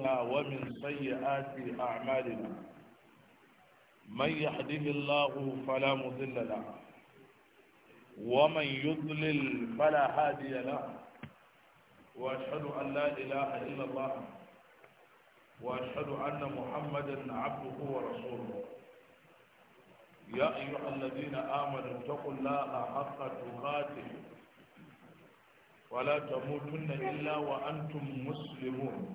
أنفسنا ومن سيئات أعمالنا من يهده الله فلا مضل له ومن يضلل فلا هادي له وأشهد أن لا إله إلا الله وأشهد أن محمدا عبده ورسوله يا أيها الذين آمنوا اتقوا الله حق تقاته ولا تموتن إلا وأنتم مسلمون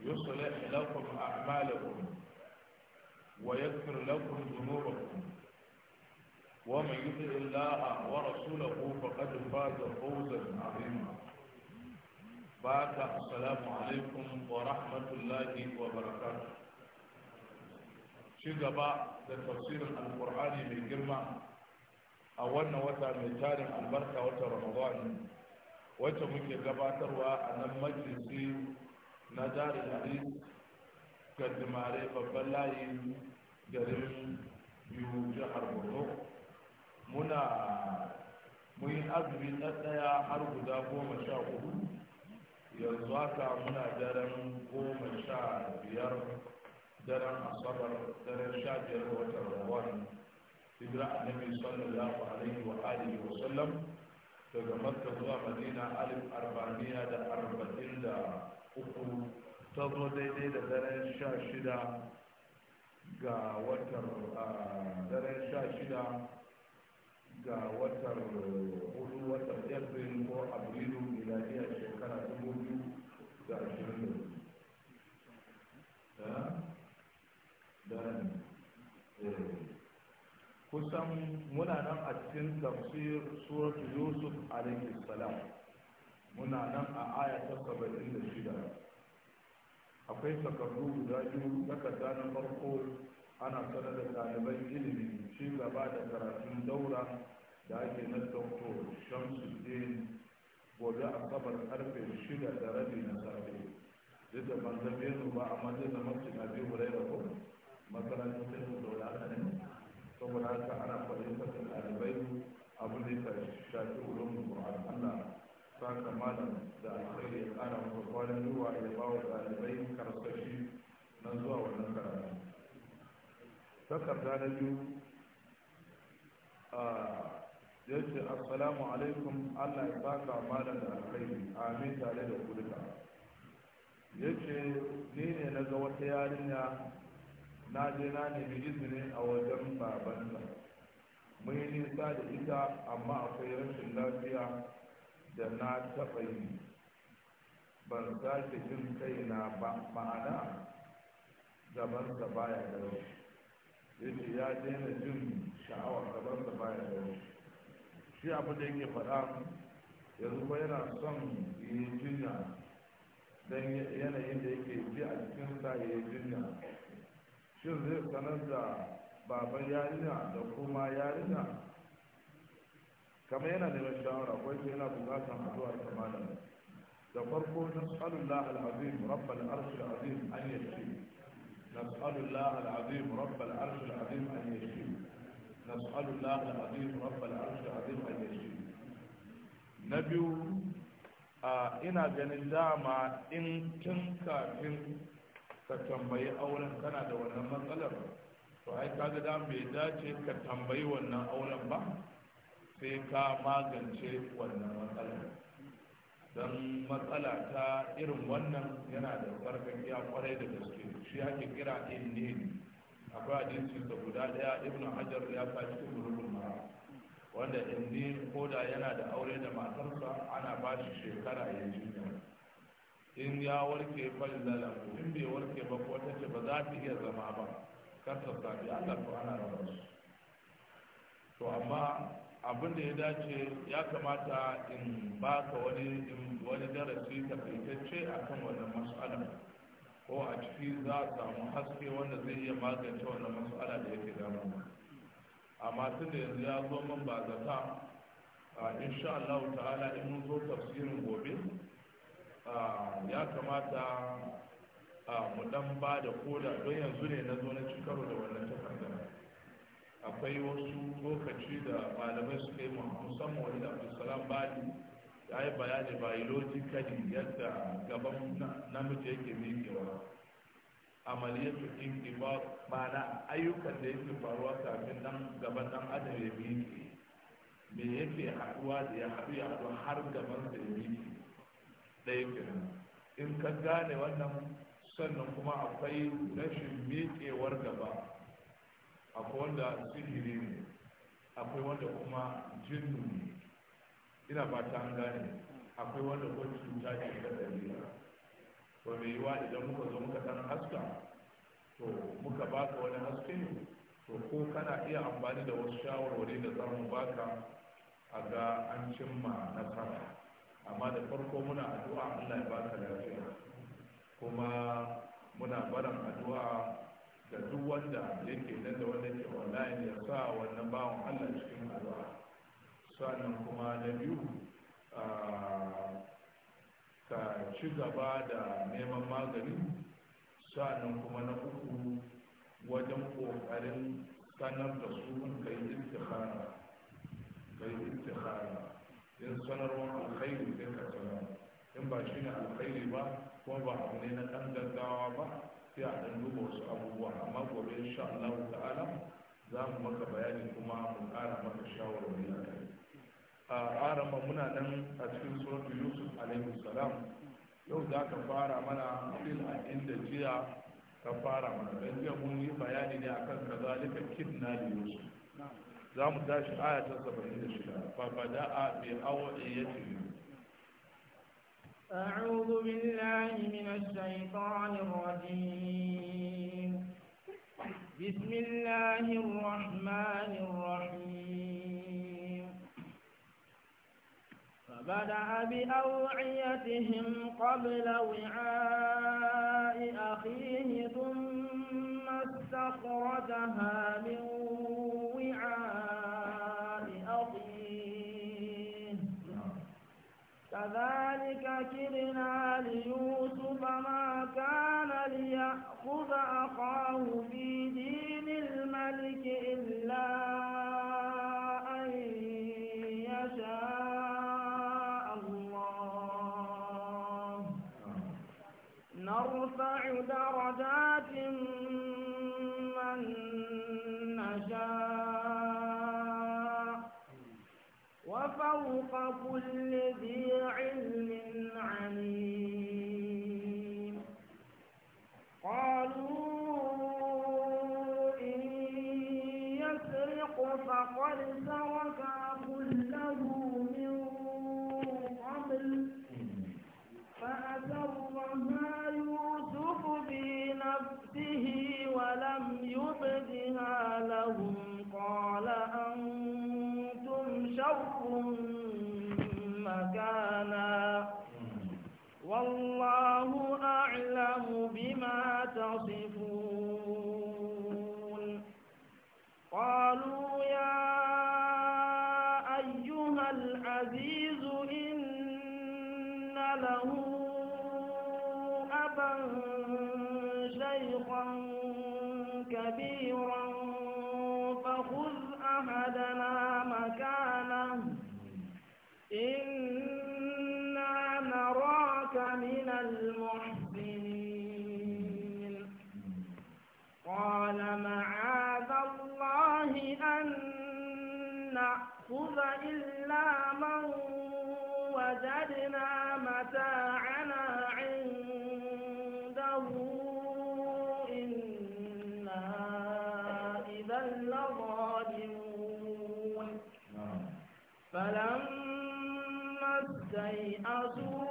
يصلح لكم أعمالكم ويغفر لكم ذنوبكم ومن يطع الله ورسوله فقد فاز فوزا عظيما بعد السلام عليكم ورحمة الله وبركاته شجبا تفسير القرآن من جمع أولنا وتا من تاريخ البركة وتا رمضان وتا ممكن تروى أن المجلس na jari hadis ga jimare babban layin garin biyu jihar borno muna muyi azumi na ɗaya har guda goma sha hudu yanzu haka muna daren goma sha biyar daren asabar daren sha biyar watan rawan hijira annabi sallallahu alaihi wa alihi wa sallam daga makka zuwa madina alif arba'amiya da arba'in da uku ta zo daidai da daren sha shida ga watan daren sha shida ga watan hudu watan april ko abrilu miladiya shekara dubu biyu ga ashirin da daren eh. kusan muna nan a cikin tafsir suratul yusuf alaihi salam muna nan a aya ta saba'in da shida akwai takardu guda biyu takarda na farko ana sanar da ɗaliban ilimi ci gaba da karatun daura da ake na shamsu din gobe a sabar karfe shida da rabi na safe duk da ban zame su ba amma zai zama mafi na biyu wurai da kuma makarantar da su zauna da ne saboda haka ana faɗin sa ɗalibai abin da ya shafi wurin allah saka malam da alkhairi ya kara masa kwanan yiwa ya ba wa ɗalibai karsashi na zuwa wannan karatu takarda na biyu ya ce assalamu alaikum allah ya saka malam da alkhairi amin tare da ku duka ya ce ni ne na ga wata yarinya na je na nemi izini a wajen babanta mun yi nisa da ita amma akwai rashin lafiya da na taɓa yi ban sake jin kaina na ma'ana sa baya da yau ce ya daina jin sha'awar sa baya da yau shi abu da yake faɗa yanzu ba yana son yi jinya don yanayin da yake ji a cikinsa ya yi jinya shin zai sanar da baban yarinya da kuma yarinya Kama yana neman shawara akwai shi yana bukatar addu'a ta malam da farko nas'alullah al-azim rabbal arsh al-azim an yashi nas'alullah al-azim rabbal arsh al-azim an yashi nas'alullah al-azim rabbal arsh al-azim an yashi na biyu a ina ganin dama in tun kafin ka tambayi auren kana da wannan matsalar to ai kaga da bai dace ka tambayi wannan auren ba sai ka magance wannan matsalar. don matsala ta irin wannan yana da farfakiya kwarai da gaske shi ake kira inni akwai hadisi da guda daya ibn hajar ya fa cikin rubun mara wanda inni koda yana da aure da matarsa ana ba shi shekara ya jinya in ya warke fallala in bai warke ba ko ta ce ba za ta iya zama ba kar ta sabi Allah ko ana rabar su to amma abin da ya dace ya kamata in ba ka wani wani darasi takaitacce a kan wannan mas'ala ko a ciki za a samu haske wanda zai iya magance wannan mas'ala da yake damu amma tun da yanzu ya zo min ba zata insha Allah ta'ala in mun zo tafsirin gobe ya kamata mu dan ba da koda don yanzu ne na zo na cikar da wannan akwai wasu lokaci da malamai suka yi musamman wani da abdulsalam bali ya yi bayani biologically yadda gaban namiji yake miƙewa amaliyatu ba mana ayyukan da yake faruwa kafin nan gaban nan adam ya miƙe me yake haɗuwa da ya haɗu ya haɗu har gaban da ya miƙe ɗaya kenan in ka gane wannan sannan kuma akwai rashin miƙewar gaba akwai wanda sihiri ne akwai wanda kuma jinnu ne ina fata an gane akwai wanda kuma cuta ce ta dalila to mai yiwa idan muka zo muka dan haska to muka ba ka wani haske to ko kana iya amfani da wasu shawarwari da zamu baka a ga an cimma nasara amma da farko muna addu'a Allah ya baka lafiya kuma muna barin addu'a da duk wanda yake nan da wanda ke wallahi ya sa wannan bawan Allah cikin addu'a sannan kuma na biyu ka ci gaba da neman magani sannan kuma na uku wajen kokarin sanar da su ka yi istikhara kai yi istikhara in sanarwar alkhairi sai ka sanar in ba shi ne alkhairi ba kuma ba abu ne na ɗan gaggawa ba sai a ɗan duba wasu abubuwa amma gobe insha Allah ta'ala za mu maka bayani kuma mu ƙara maka shawarwari a kai a arama muna nan a cikin suratul yusuf alaihi salam yau za ka fara mana fil a inda jiya ka fara mana ɗan jiya mun yi bayani ne akan kazalika kidna da yusuf za mu tashi aya ta 76 fa bada'a bi awiyatihi أعوذ بالله من الشيطان الرجيم بسم الله الرحمن الرحيم فبدأ بأوعيتهم قبل وعاء أخيه ثم استخرجها من وعاء وإذا ليوسف ما كان ليأخذ أخاه في دين الملك إلا أن يشاء الله نرفع درجات من نشاء وفوق كل ذي علم فمعاذ الله أن نأخذ إلا من وجدنا متاعنا عنده إنا إذا لظالمون نعم. فلما استيئسوا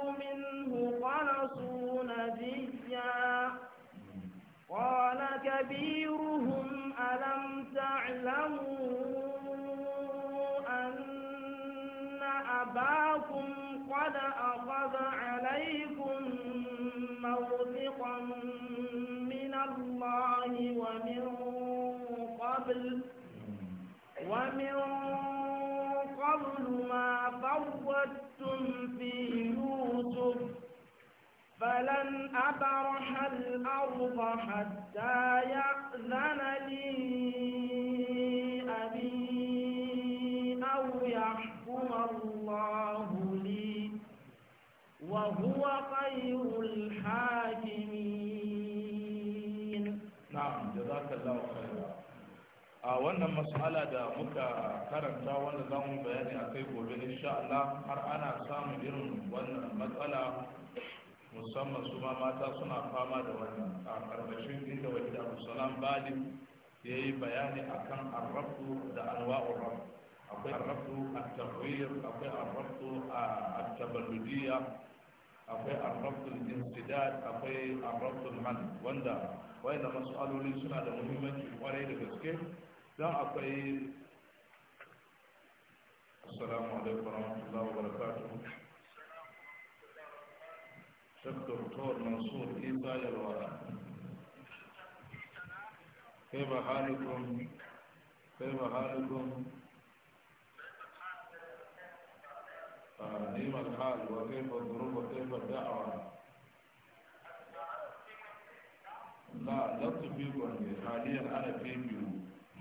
قبل ما في يوسف فلن أبرح الأرض حتى يأذن لي أبي أو يحكم الله لي وهو خير الحاكمين نعم جزاك الله خير a wannan mas'ala da muka karanta wanda za mu bayani a kai gobe insha Allah har ana samun irin wannan matsala musamman su ma mata suna fama da wannan a karkashin inda wajen musulman bali ya yi bayani a kan arrabtu da anwa'ur rabb akwai arrabtu a Tafiyar, akwai arrabtu a taballudiyya akwai arrabtu a insidad akwai arrabtu a man wanda masu mas'aloli suna da muhimmanci kwarai da gaske دعطي السلام عليكم ورحمة الله وبركاته شك دكتور منصور كيف هاي الورا كيف حالكم كيف حالكم آه، نعم الحال وكيف الظروف وكيف الدعوة لا لطفي بني حاليا أنا في بيوت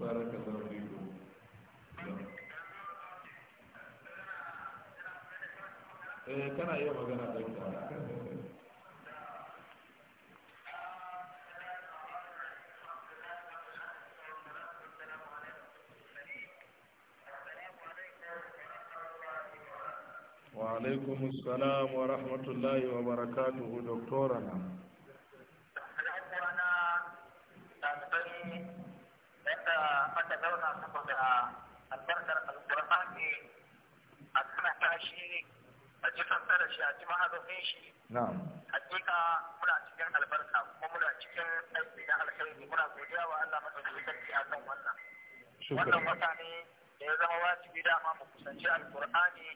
بارك الله فيكم إيه، كان ايوه كان ايوه وعليكم السلام ورحمة الله وبركاته دكتورنا aka zauna saboda albarkar alƙur'ani a karanta tashi a ji fassara shi a ji mahazafin shi hakika muna cikin albarka kuma muna cikin aiki na alkhairi muna godiya wa Allah madaukakin sarki a wannan wannan wata ne da ya zama wajibi dama mu kusanci alƙur'ani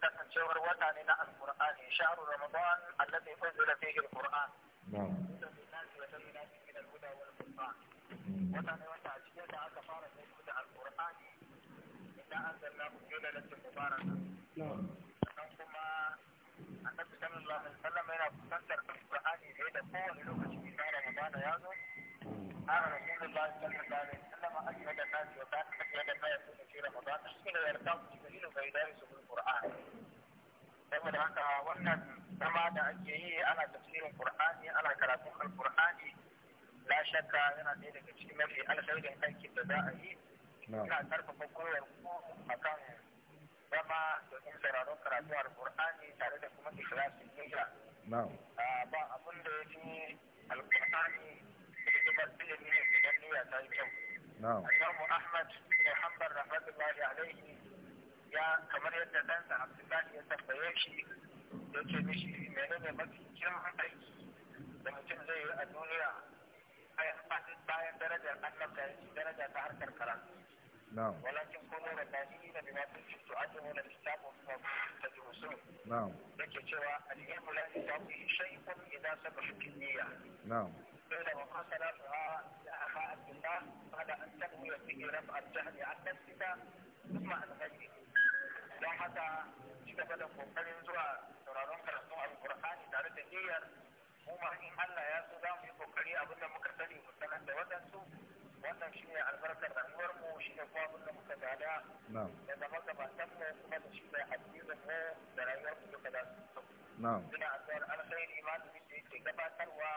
kasancewar wata ne na alƙur'ani sha'ru ramadan allazi unzila fihi alqur'an na'am wannan a cikin da aka fara saukar da alqur'ani inna kuma yana kusantar alqur'ani ne da kowane lokaci da ramadana ya zo قال saboda haka wannan zama da ake yi ana tafsirin kur'ani ana karatun Al-Qur'ani na shakka yana ɗaya daga cikin mafi alkhairin aikin da za a yi ina karfafa koyar ku akan zama domin sauraron karatu Kur'ani tare da kuma ikhlasin A ba abin da ya fi alkur'ani hidimar ilimi ne idan niyya ta yi kyau Imamu Ahmad Muhammad Rahmatullahi alaihi ya kamar yadda ɗansa Abdullahi ya tambaye shi ya ce mishi menene mafi kyan aiki da mutum zai yi a duniya bayan bayan bayan darajar Allah ta yi daraja ta harkar karatu. Na'am. Walakin kuma da tashi da bi mafi fitu a cikin wannan kitabu ko ta ji musu. Na'am. Yake cewa al-ilmu la yusabu shay'un idan sabu fi niyya. Na'am. Bila wa qasala fa ya'a Allah bada an tabu ya fi rab al-jahli al-nafsita kuma al-hajji. Dan haka shi da kokarin zuwa sauraron karatu al-Qur'ani tare da niyyar mu ma in Allah ya so za mu yi kokari abin da muka sani mu sanar da waɗansu wannan shi ne albarkar rayuwar mu shi ne kuma abin da muka gada da zama gabatan mu kuma da shi ne addinin mu da rayuwar mu duka da su ina addu'ar alkhairi ma da yake gabatarwa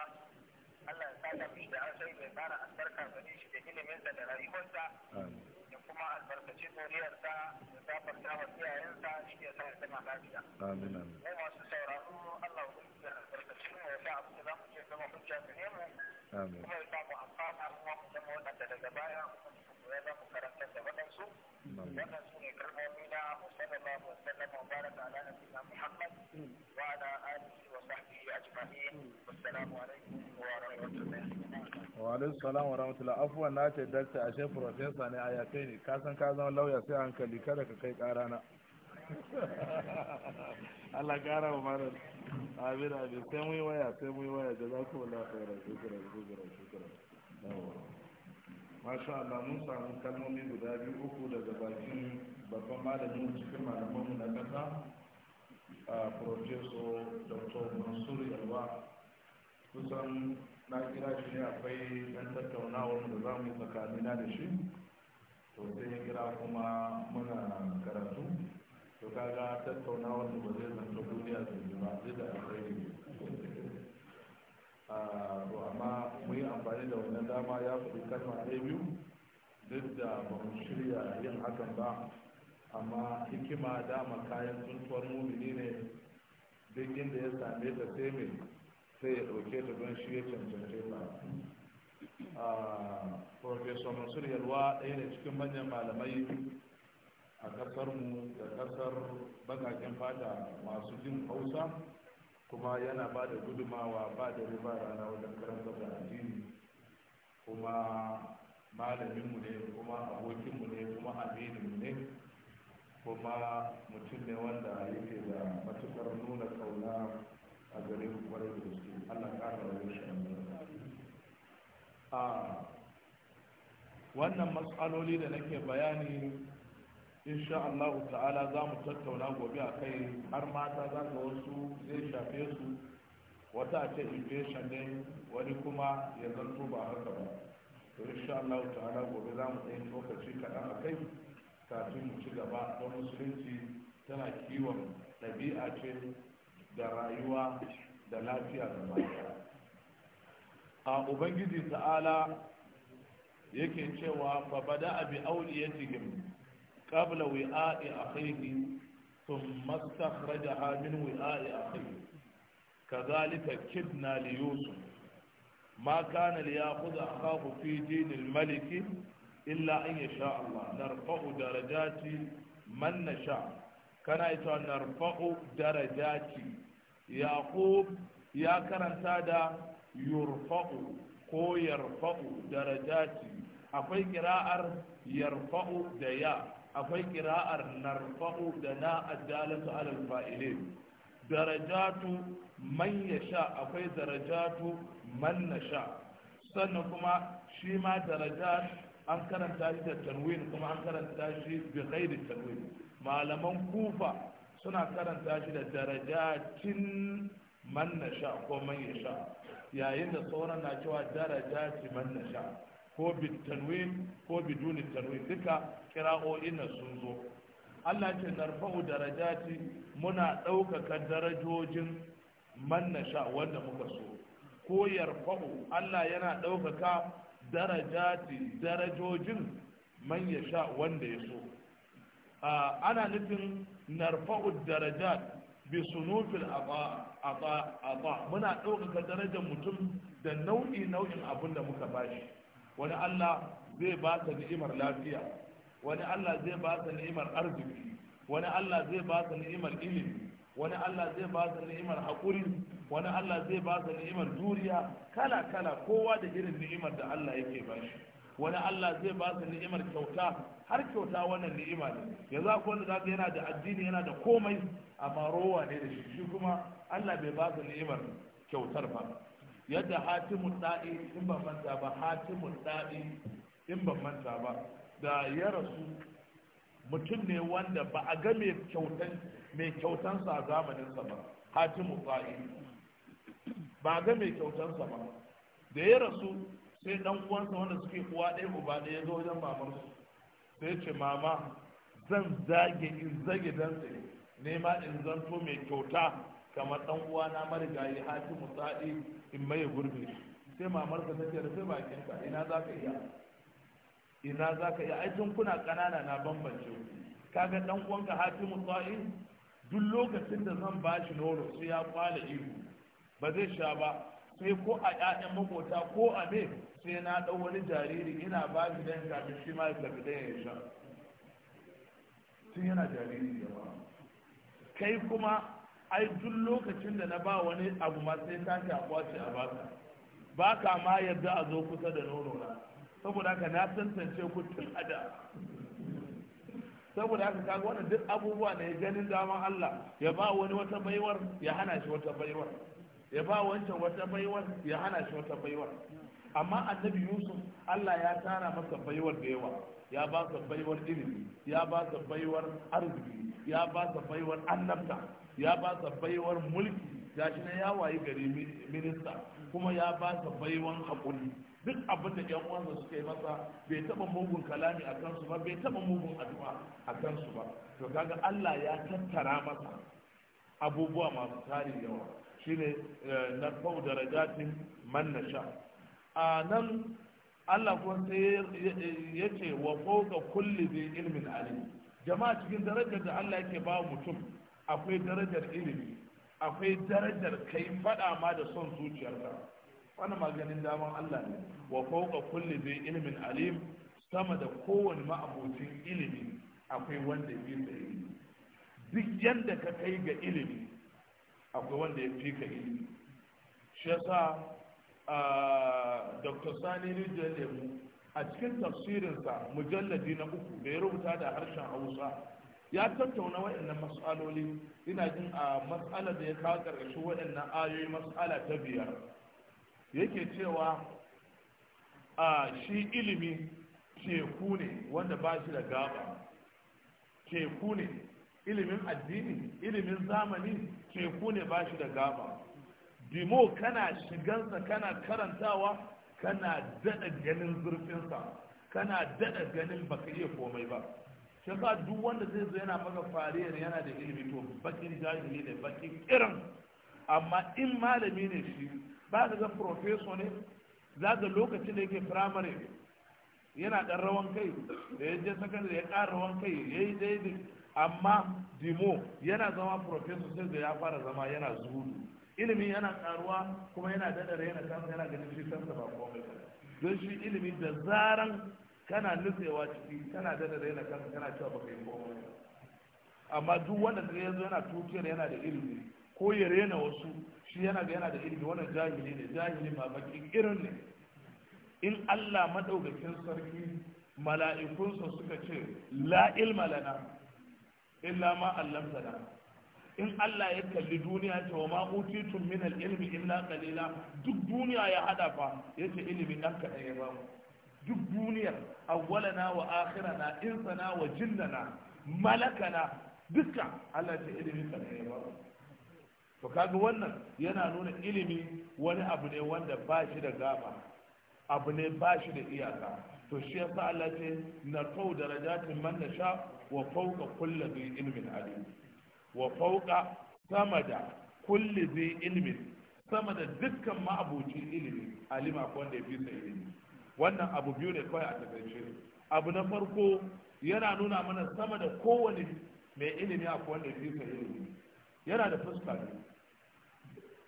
Allah ya sa da mu da alkhairi mai fara albarkar gare shi da ilimin da rayuwarsa kuma albarkaci zuriyarsa ya zafarta wa iyayenta shi ya sa ya zama lafiya. Amin. wasu masu sauraro Allah ya kuma ya albarkaci mu ya sa abu da za mu je zama hujja gare mu. Amin. Kuma ya sa mu amfana kuma mu zama waɗanda daga baya kuma ya zama karanta da waɗansu. Wannan su ne kalmomi na Musallallahu Alaihi Wasallam Mubarak ala Nabiyina Muhammad. Mm. wa alaikum salam wa rahmatullah afwan na ce dakta ashe professor ne a yakai ne kasan ka zama lauya sai hankali kada ka kai ƙara na Allah ƙara wa marar abin abin sai mu yi waya sai mu yi waya da za ku wala tsara shukura shukura shukura masha Allah mun samu kalmomi guda biyu uku daga bakin babban malamin cikin malamanmu na kasa a Professor Dr. Mansur Yalwa kusan na kira shi ne akwai ɗan tattaunawar da za mu yi tsakanina da shi to sai ya kira kuma muna karatu to kaga tattaunawar da ba zai zanta duniya da ba zai da alkhairi ah, to amma mu yi amfani da wannan dama ya fi kalma ɗaya biyu duk da ba mu shirya yin hakan ba amma hikima dama kayan tuntuwar mumini ne duk inda ya same ta sai mai sai ya ɗauke ta don shi ya cancance ta ah, profesor mansur yalwa ɗaya da cikin manyan malamai a mu da ƙasar bakakin fata masu jin hausa kuma yana ba da gudumawa ba da riba rana wajen karanta da addini kuma malaminmu ne kuma abokinmu ne kuma amininmu ne kuma mutum ne wanda yake da matukar nuna kauna a gare ku kwarai da gaske Allah shi a wannan matsaloli da nake bayani insha Allah ta'ala za mu tattauna gobe a kai har mata za ka wasu zai shafe su wata ce infection ne wani kuma ya zanto ba haka ba to insha Allah ta'ala gobe za mu ɗaya lokaci kaɗan a kai kafin mu ci gaba don musulunci tana kiwon ɗabi'a ce da rayuwa da lafiya da a ubangiji ta'ala yake cewa fa bada abi auliyatihim qabla wi'a'i sun thumma istakhrajaha min wi'a'i akhihi kadhalika kidna li yusuf ma kana li ya'khudha akahu fi din al-malik illa an yasha Allah narfa'u darajati man nasha kana ita narfa'u darajati yaqub ya karanta da yurfa'u ko yarfa'u darajati akwai kira'ar yarfa'u da ya akwai kira'ar narfa'u da na ajalatu alal fa'ilin darajatu man yasha akwai darajatu man nasha sannan kuma shi ma darajat an karanta shi da tanwin kuma an karanta shi bi ghairi tanwin malaman kufa suna karanta shi da darajatin man sha ko man sha, yayin da sauran na cewa darajati man sha, ko bitanwin ko biduni tanwin duka kira'o'in na sun zo Allah ce narfa'u darajati muna ɗaukaka darajojin man sha wanda muka so ko yarfa'u Allah yana ɗaukaka darajaci, darajojin man sha wanda ya so ana nufin narfa'u darajat bi sunufil aba muna ɗaukaka darajar mutum da nau'i nau'in abin da muka bashi wani Allah zai ba ta ni'imar lafiya wani Allah zai ba ta ni'imar arziki wani Allah zai ba ta ni'imar ilimi wani Allah zai ba ta ni'imar haƙuri wani Allah zai ba ta ni'imar juriya kala kala kowa da irin ni'imar da Allah yake bashi wani Allah zai ba su ni'imar kyauta har kyauta wannan ni'ima ne yanzu ku wanda zaka yana da addini yana da komai amma rowa ne da shi shi kuma Allah bai ba su ni'imar kyautar ba yadda hatimun da'i in ban manta ba hatimun da'i in ban manta ba da ya rasu mutum ne wanda ba a ga mai kyautan mai kyautansa a zamaninsa ba hatimun da'i ba a ga mai kyautansa ba da ya rasu sai dan uwansa wanda suke uwa ɗaya uba ɗaya ya zo wajen babar sai ce mama zan zage in zage dan sai nema in zanto mai kyauta kamar dan uwa na marigayi haji musaɗi in maye gurbi sai mamar ka take sai bakin ka ina za ka iya ina za ka iya ai tun kuna ƙanana na bambance kaga dan uwanka haji musaɗi duk lokacin da zan ba shi nono sai ya kwala ihu ba zai sha ba sai ko a ƴaƴan makota ko a me sai na ɗau wani jariri ina ba shi dan kafin shi ma ya tafi dan ya sha tun yana jariri ya ba kai kuma ai duk lokacin da na ba wani abu ma sai ta a kwace a baka ba ka ma yadda a zo kusa da nono na saboda haka na tantance ku tun a da saboda haka kaga wannan duk abubuwa ne ganin daman Allah ya ba wani wata baiwar ya hana shi wata baiwar ya ba wancan wata baiwar ya hana shi wata baiwar amma annabi yusuf allah ya tara masa baiwar da yawa ya ba sa baiwar ilimi ya ba sa baiwar arziki ya ba sa baiwar annabta ya ba sa baiwar mulki ya shi na ya wayi gari minista kuma ya ba sa baiwar haƙuri duk abin da yan uwansa suka yi masa bai taɓa mugun kalami a kansu ba bai taɓa mugun addu'a a kansu ba to kaga allah ya tattara masa abubuwa masu tarin yawa shine eh, na fau darajatin man nasha a nan Allah kuma sai ya ce wa fauka kulli bi ilmin alim jama'a cikin darajar da Allah yake ba mutum akwai darajar ilimi akwai darajar kai faɗa ma da son zuciyarka wani maganin daman Allah ne wa fauka kulli bi ilmin alim sama da kowane ma'abocin ilimi akwai wanda ya fi ilimi duk yadda ka kai ga ilimi akwai wanda ya fi ka ilimi shi yasa dr sani rijiyar lemu a cikin tafsirinsa mujalladi na uku da ya rubuta da harshen hausa ya tattauna waɗannan matsaloli ina jin a matsalar da ya kawo ƙarƙashin waɗannan ayoyi matsala ta biyar yake cewa a shi ilimi teku ne wanda ba shi da gaba teku ne ilimin addini ilimin zamani teku ne ba shi da gaba dimo kana shigansa kana karantawa kana dada ganin zurfinsa kana dada ganin baka iya komai ba shi ba duk wanda zai zo yana maka fariyar yana da ilimi to bakin jahili ne bakin irin amma in malami ne shi ba ka ga profeso ne za ga lokacin da yake firamare yana ɗan rawan kai da ya je secondary ya ƙara rawan kai ya yi daidai amma dimo yana zama profeso sai da ya fara zama yana zuru ilimi yana karuwa kuma yana dadare yana kafa yana ganin shi kansa ba komai don shi ilimi da zaran kana nutsewa ciki kana dadare yana kafa kana cewa ba yi komai amma duk wanda da yanzu yana tutiyar yana da ilimi ko ya rena wasu shi yana ga yana da ilimi wannan jahili ne jahili ma bakin irin ne in Allah madaukakin sarki mala'ikunsa suka ce la ilma lana illa ma allamtana in Allah ya kalli duniya ta wa ma utitum min al-ilmi illa qalila duk duniya ya hada fa yace ilimi dan kadan ya bamu duk duniyar awwalana wa akhirana insana wa jinnana malakana duka Allah ya ilimi kadan ya bamu to kaga wannan yana nuna ilimi wani abu ne wanda ba shi da gaba abu ne ba shi da iyaka to shi yasa Allah ce na kau darajatin man nasha wa fawqa kulli ilmin alim wa fauka sama da kulli zai ilimin sama da dukkan ma'abocin ilimi alima ko wanda ya fi sa ilimi wannan abu biyu ne kawai a takaice abu na farko yana nuna mana sama da kowane mai ilimi a wanda ya fi sa ilimi yana da fuska ne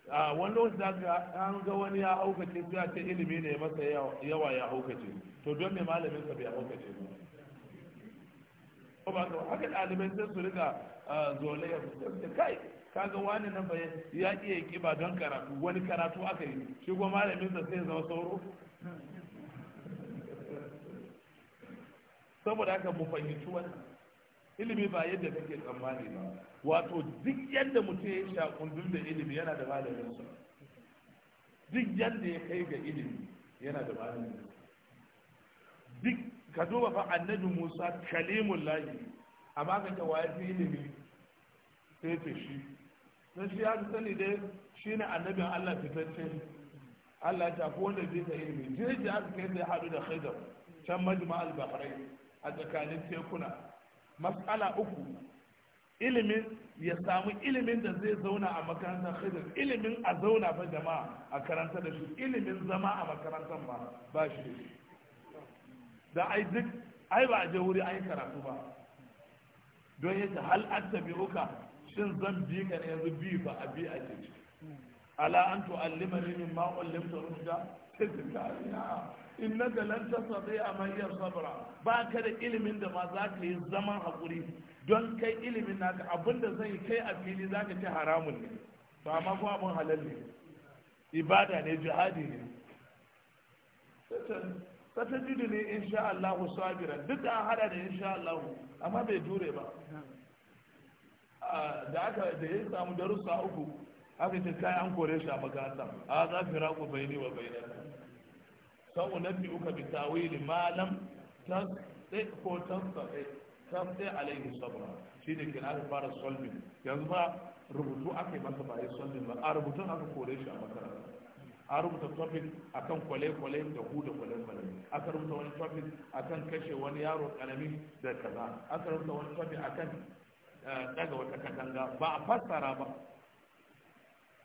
a wani lokaci za ka an ga wani ya haukace su a ce ilimi ne masa yawa ya haukace to don me malamin sa bai haukace ba ko ba haka ɗalibai sai su riga zole ya kai kaga wani nan ba ya iya kiba don karatu wani karatu aka yi shi kuma malamin sa sai zama sauro saboda haka mu fahimci wannan ilimi ba yadda kake tsammani ba wato duk yadda mutum ya kundin da ilimi yana da malamin sa duk yadda ya kai ga ilimi yana da malamin duk ka duba fa annabi Musa kalimullahi amma ka ce waya fi ilimi sai ce shi Don shi ya sani dai shi ne annabin Allah fitacce Allah ya tafi wanda zai ta ilimi ji aka kai sai haɗu da khaidar can majima al a tsakanin tekuna Matsala uku ilimin ya samu ilimin da zai zauna a makarantar khidr ilimin a zauna ba jama'a a karanta da shi ilimin zama a makarantar ba ba shi da ai duk ai ba a je wuri ai karatu ba don yace hal attabi'uka shin zan bi ka ne yanzu bi ba a bi a ce ala an tu'allimani mimma ullimta rushda sai ka ina innaka lan tastati amaliya sabra ba ka da ilimin da ma za ka yi zaman hakuri don kai ilimin naka abinda zai kai a fili za ka ce haramun ne ba ma kuma abin halal ne ibada ne jihadi ne satajidu ne insha Allah sabira duk da an hada da insha Allah amma bai jure ba da aka da ya samu darussa uku haka ce kai an kore shi a makaranta a za fi raku bai ne wa bai ne sau na fi uka bi tawili malam ta ko ta tsaye ta alaihi sabra shi ne kina aka fara solving yanzu ba rubutu ake masa ba ya solving ba a rubutun aka kore shi a makaranta a rubuta topic akan kwale-kwale da huda kwale-kwale aka rubuta wani topic akan kashe wani yaro karami da kaza aka rubuta wani topic akan daga eh, wata katanga ba a fassara ba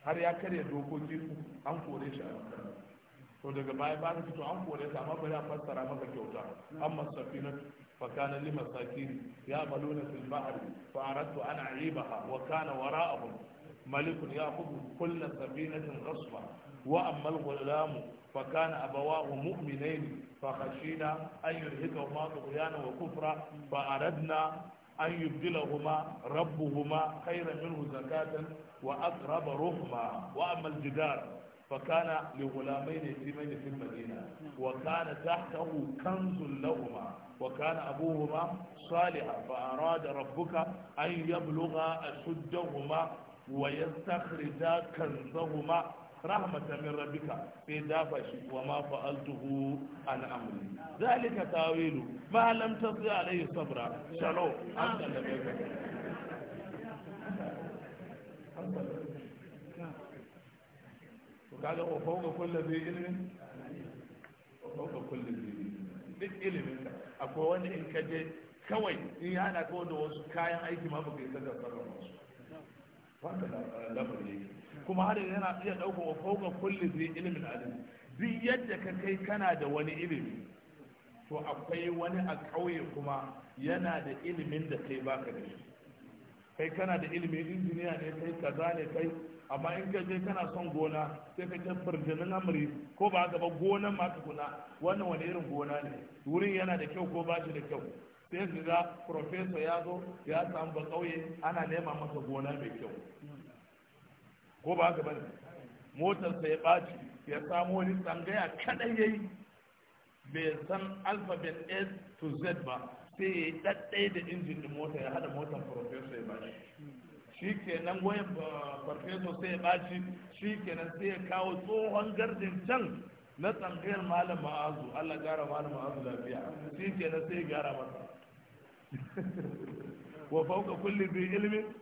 har ya karya dokokin an kore shi a makaranta to daga baya ba fito an kore ta amma bari a fassara maka kyauta amma safina fa kana lima sakin ya baluna fil bahr fa aradtu an a'ibaha wa kana wara'ahum malikun ya'khudhu kull safinatin rasuwa. wa ammal gulamu fa kana abawahu mu'minain fa khashina an yulhiqahuma tughyana wa kufra fa aradna an yubdilahuma rabbuhuma khayran minhu zakatan wa aqrab ruhma wa amma al-jidar fa kana li ghulamayn yatimayn fi al-madina wa kana tahtahu kanzun lahumā wa kana abūhumā ṣāliḥan fa arāda rabbuka an yablughā ashuddahumā wa yastakhrijā kanzahumā rahmatan min rabbika sai dafa shi wa ma fa'altuhu an amri zalika tawilu ma lam tasri alayhi sabra shalo. an sallame ka kaga ko fauka kullu bi ilmin ko fauka kullu bi duk ilimin akwai wani in kaje kawai in yana hada ko da wasu kayan aiki ma baka yi sadar sarrafa su wanda lamarin yake kuma har yana iya ɗauka wa fauka kulli zai ilimin adam duk yadda ka kai kana da wani ilimi to akwai wani a ƙauye kuma yana da ilimin da kai baka da shi kai kana da ilimin injiniya ne kai kaza ne kai amma in ka je kana son gona sai ka ce birnin amri ko ba gaba gonan ma kuna wannan wani irin gona ne wurin yana da kyau ko ba shi da kyau sai su ga ya zo ya samu ba kauye ana nema masa gona mai kyau ko ba haka bane motarsa ya ɓaci ya samo wani tsangaya kaɗai ya yi bai san alphabet a to z ba sai ya yi ɗaɗɗai da injin da mota ya haɗa motar farfesa ya ɓaci shi kenan wayan farfesa sai ya ɓaci shi kenan sai ya kawo tsohon gardin can na tsangayar malam ma'azu allah gara malam ma'azu lafiya shi kenan sai ya gara masa wa fauka kulli bi ilmin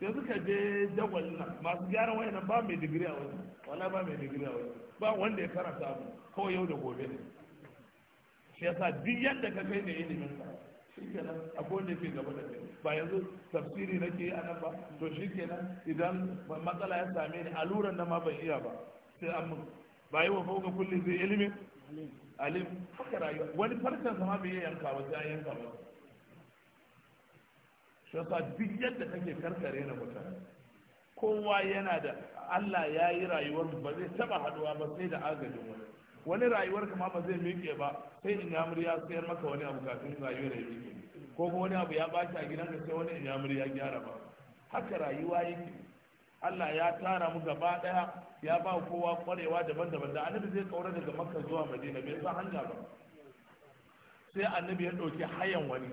sai suka je jagwal nan masu gyaran wayan nan ba mai digiri a wani wala ba mai digiri a wani ba wanda ya karanta abu ko yau da gobe ne shi yasa duk yadda ka kai ne ilimin sa shi kenan abu wanda ke gaba da kai ba yanzu tafsiri nake yi a nan ba to shi idan matsala ya same ni aluran nan ma ban iya ba sai an mun ba yi wa fauka kulli zai ilimin alim haka rayuwa wani farcen sama bai yanka ba sai an yanka ba shafa duk yadda kake karkare na mutane kowa yana da Allah ya yi rayuwar ba zai taba haduwa ba sai da agajin wani wani rayuwar kama ba zai miƙe ba sai in yamuri ya sayar maka wani abu kafin rayuwar ya miƙe ko kuma wani abu ya bashi a gidan sai wani in yamuri ya gyara ba haka rayuwa yake Allah ya tara mu gaba daya ya ba kowa kwarewa daban-daban da annabi zai kaura daga makka zuwa madina bai san hanya ba sai annabi ya ɗauki hayan wani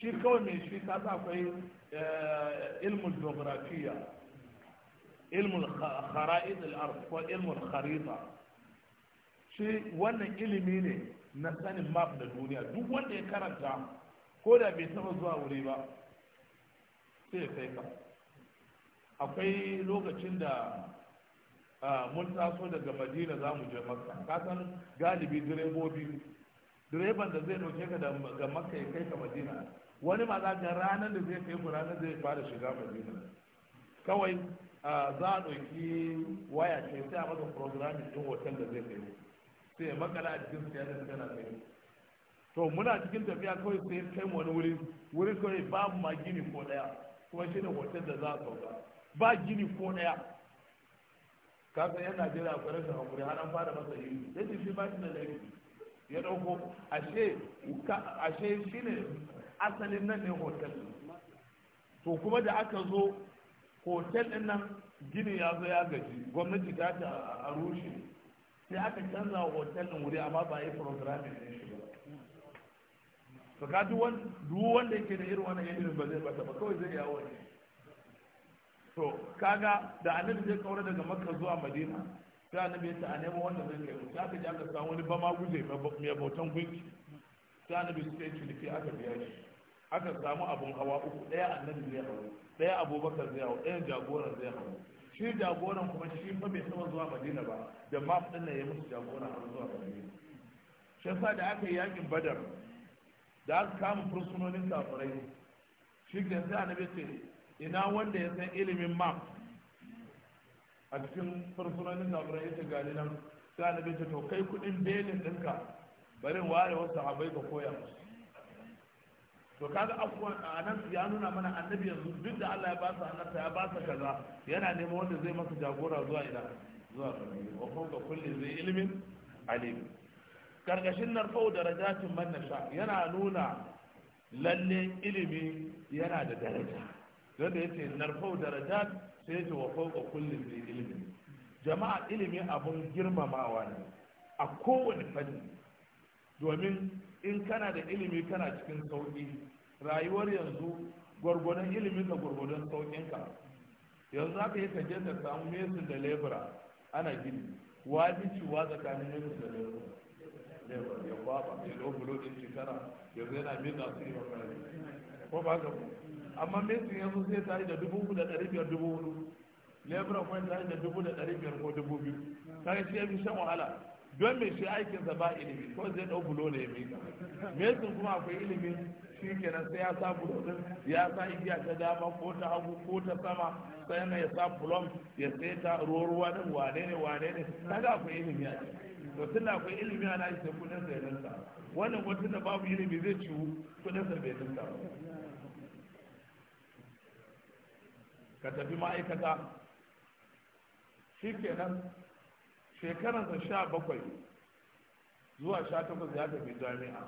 shi kawai mai shi ta akwai eh, ilmul geografiya ilmul khara'id al ko ilmul kharita shi wannan ilimi ne na sanin map da duniya duk wanda ya karanta ko da bai taba zuwa wuri ba sai kai ka akwai lokacin da ah, mun taso daga madina za mu je makka ka san galibi direbobi direban da zai dauke ka daga makka ya kai ka madina wani ma za ka ranar da zai kai ku ranar zai fara shiga madina kawai za a ɗauki waya ce sai a masa programin ɗin hotel da zai kai sai ya makala a cikin siyasar tana kai to muna cikin tafiya kawai sai kai mu wani wuri wuri kawai babu ma gini ko ɗaya kuma shi ne hotel da za a sauka ba gini ko ɗaya kasan yan najeriya akwai rashin hakuri har an fara masa yi yadda shi ba shi da laifi ya ɗauko ashe shi ne asalin nan ne hotel to kuma da aka zo hotel din nan gini ya zo ya gaji gwamnati ta ta a rushe sai aka canza hotel din wuri amma ba yi programming ne shi ba to ka duk wanda yake da irin wannan yanayin ba zai bata ba kawai zai yawo ne to kaga da annabi zai kaura daga makka zuwa madina sai annabi ya ta a nemo wanda zai kai mutu aka ji aka samu wani bama guje mai bautan gunki sai annabi suka yi ciniki aka biya shi aka samu abun hawa uku ɗaya annabi zai hau ɗaya abubakar zai hau ɗaya jagoran zai hau shi jagoran kuma shi fa bai taɓa zuwa madina ba da map ɗin ya musu jagora har zuwa madina shi yasa da aka yi yakin badar da aka kama fursunonin kafirai shi ke sai annabi ce ina wanda ya san ilimin map a cikin fursunonin kafirai ya ce gani nan sai annabi ce to kai kuɗin belin ɗinka bari ware wasu abai ka koya musu to kaga afuwan anan ya nuna mana annabi yanzu duk da Allah ya ba su annabta ya ba su kaza yana neman wanda zai masa jagora zuwa ina zuwa wa fawqa kulli zai ilmin alim karkashin fau darajatin man nasha yana nuna lalle ilimi yana da daraja don da yace narfau darajat sai yace wa fawqa kulli zai ilmin jama'a ilimi abun girmamawa ne a kowane fanni domin in kana da ilimi kana cikin sauƙi rayuwar yanzu gwargwadon ilimin da gwargwadon sauƙinka yanzu za ka yi ka je ka samu mesin da lebura ana gini wajibi wa tsakanin mesin da lebura lebura ya kwaba ya zo bulo ɗin shekara yanzu yana miƙa su yi makarari ko ba ka ku amma mesin yanzu sai tare da dubu uku da ɗari biyar dubu hudu lebura kwai tare da dubu da ɗari biyar ko dubu biyu kaga shi ya fi shan wahala don me shi aikinsa ba ilimi ko zai ɗau bulo ne mai mesin kuma akwai ilimi shi kenan sai ya sa bulo din ya sa igiya ta dama ko ta hagu ko ta sama sai na ya sa bulon ya sai ta ruwa din wane ne wane ne kaga akwai ilimi a to tun da akwai ilimi a yi sai kudin sa ya dinka wannan ko tun da babu ilimi zai ci kudin sa bai dinka ka tafi ma'aikata shi kenan sa sha bakwai zuwa sha takwas ya tafi jami'a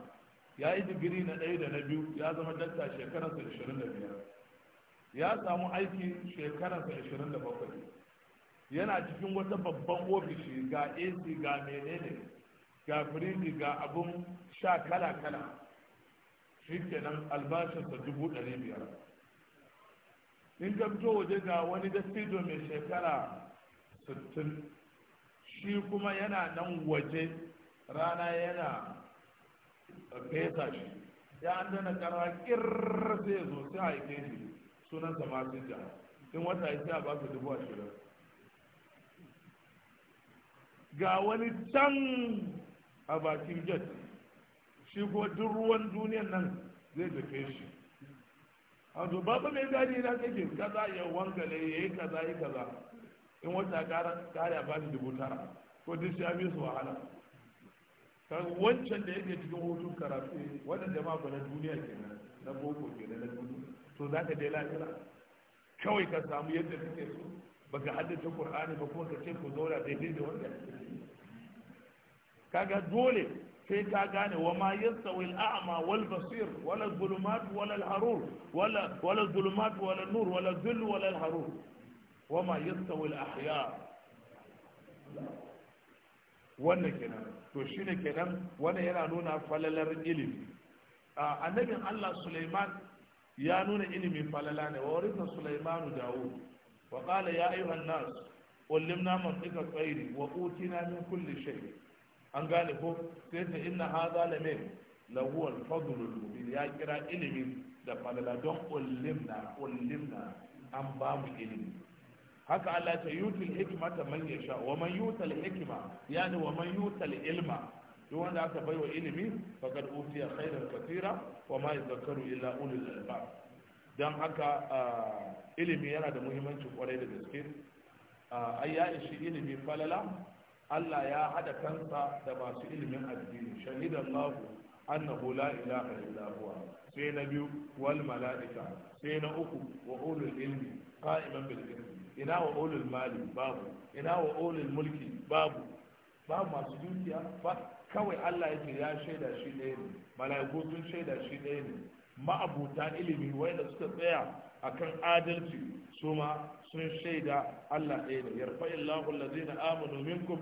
ya yi digiri na ɗaya da na biyu ya zama dakta shekararsa ashirin da biyar ya samu aiki shekararsa ashirin da bakwai yana cikin wata babban ofishi ga ac ga menene ga firiji ga abun sha kala kala shi kenan albashinsa dubu ɗari biyar in ka fito waje ga wani dattijo mai shekara sittin shi kuma yana nan waje rana yana fesa shi ya an dana kara kirrrr sai zo sai haike shi sunan sama sija in wata ya sai a ba su dubu ashirin ga wani can a bakin jet shi ko duk ruwan duniyan nan zai tafe shi a babu mai gadi na kake kaza ya wangale ya yi kaza yi kaza in wata kare a basu dubu tara ko duk ya bi su wahala kan wancan da yake cikin hutun karatu wannan jama'a ba na duniya nan na boko nan na duniya to za ka je lafiya kawai ka samu yadda kake so ka haddace qur'ani ba kuma ka ce ku zauna daidai da wanda kaga dole sai ka gane wa ma yastawi al-a'ma wal basir wala zulumat wala al-harur wala wala zulumat wala nur wala Zulu, wala al-harur وما يستوي الأحياء wannan kenan to shi ne kenan wannan yana nuna falalar ilimi annabin Allah Sulaiman ya nuna ilimi falala ne wa warisa Sulaimanu Dawud wa qala ya ayyuhan nas ullimna mantiqa tsairi wa utina min kulli shay an gane ko sai ta inna hadha la min lahu al fadl al mubin ya kira ilimi da falala don ullimna ullimna an ba mu ilimi haka Allah ta yutul hikmata man yasha wa man yutul hikma yani wa man yutul ilma duk wanda aka baiwa ilimi faqad utiya khairan katira wa ma yadhakkaru illa ulul albab dan haka ilimi yana da muhimmanci kwarai da gaske ai ya ishi ilimi falala Allah ya hada kansa da masu ilimin addini shahidallahu annahu la ilaha illa huwa sai na biyu wal malaika sai na uku wa ulul ilmi qa'iman bil ilmi ina wa mali babu ina wa mulki babu masu dukiya ba kawai Allah ce ya shaida shi ɗaya ne mala'iku sun shaida shi ɗaya ne ma'abuta ilimi wanda suka tsaya akan adalci su ma sun shaida Allah ɗaya ne yarfa'illahu allazina amanu minkum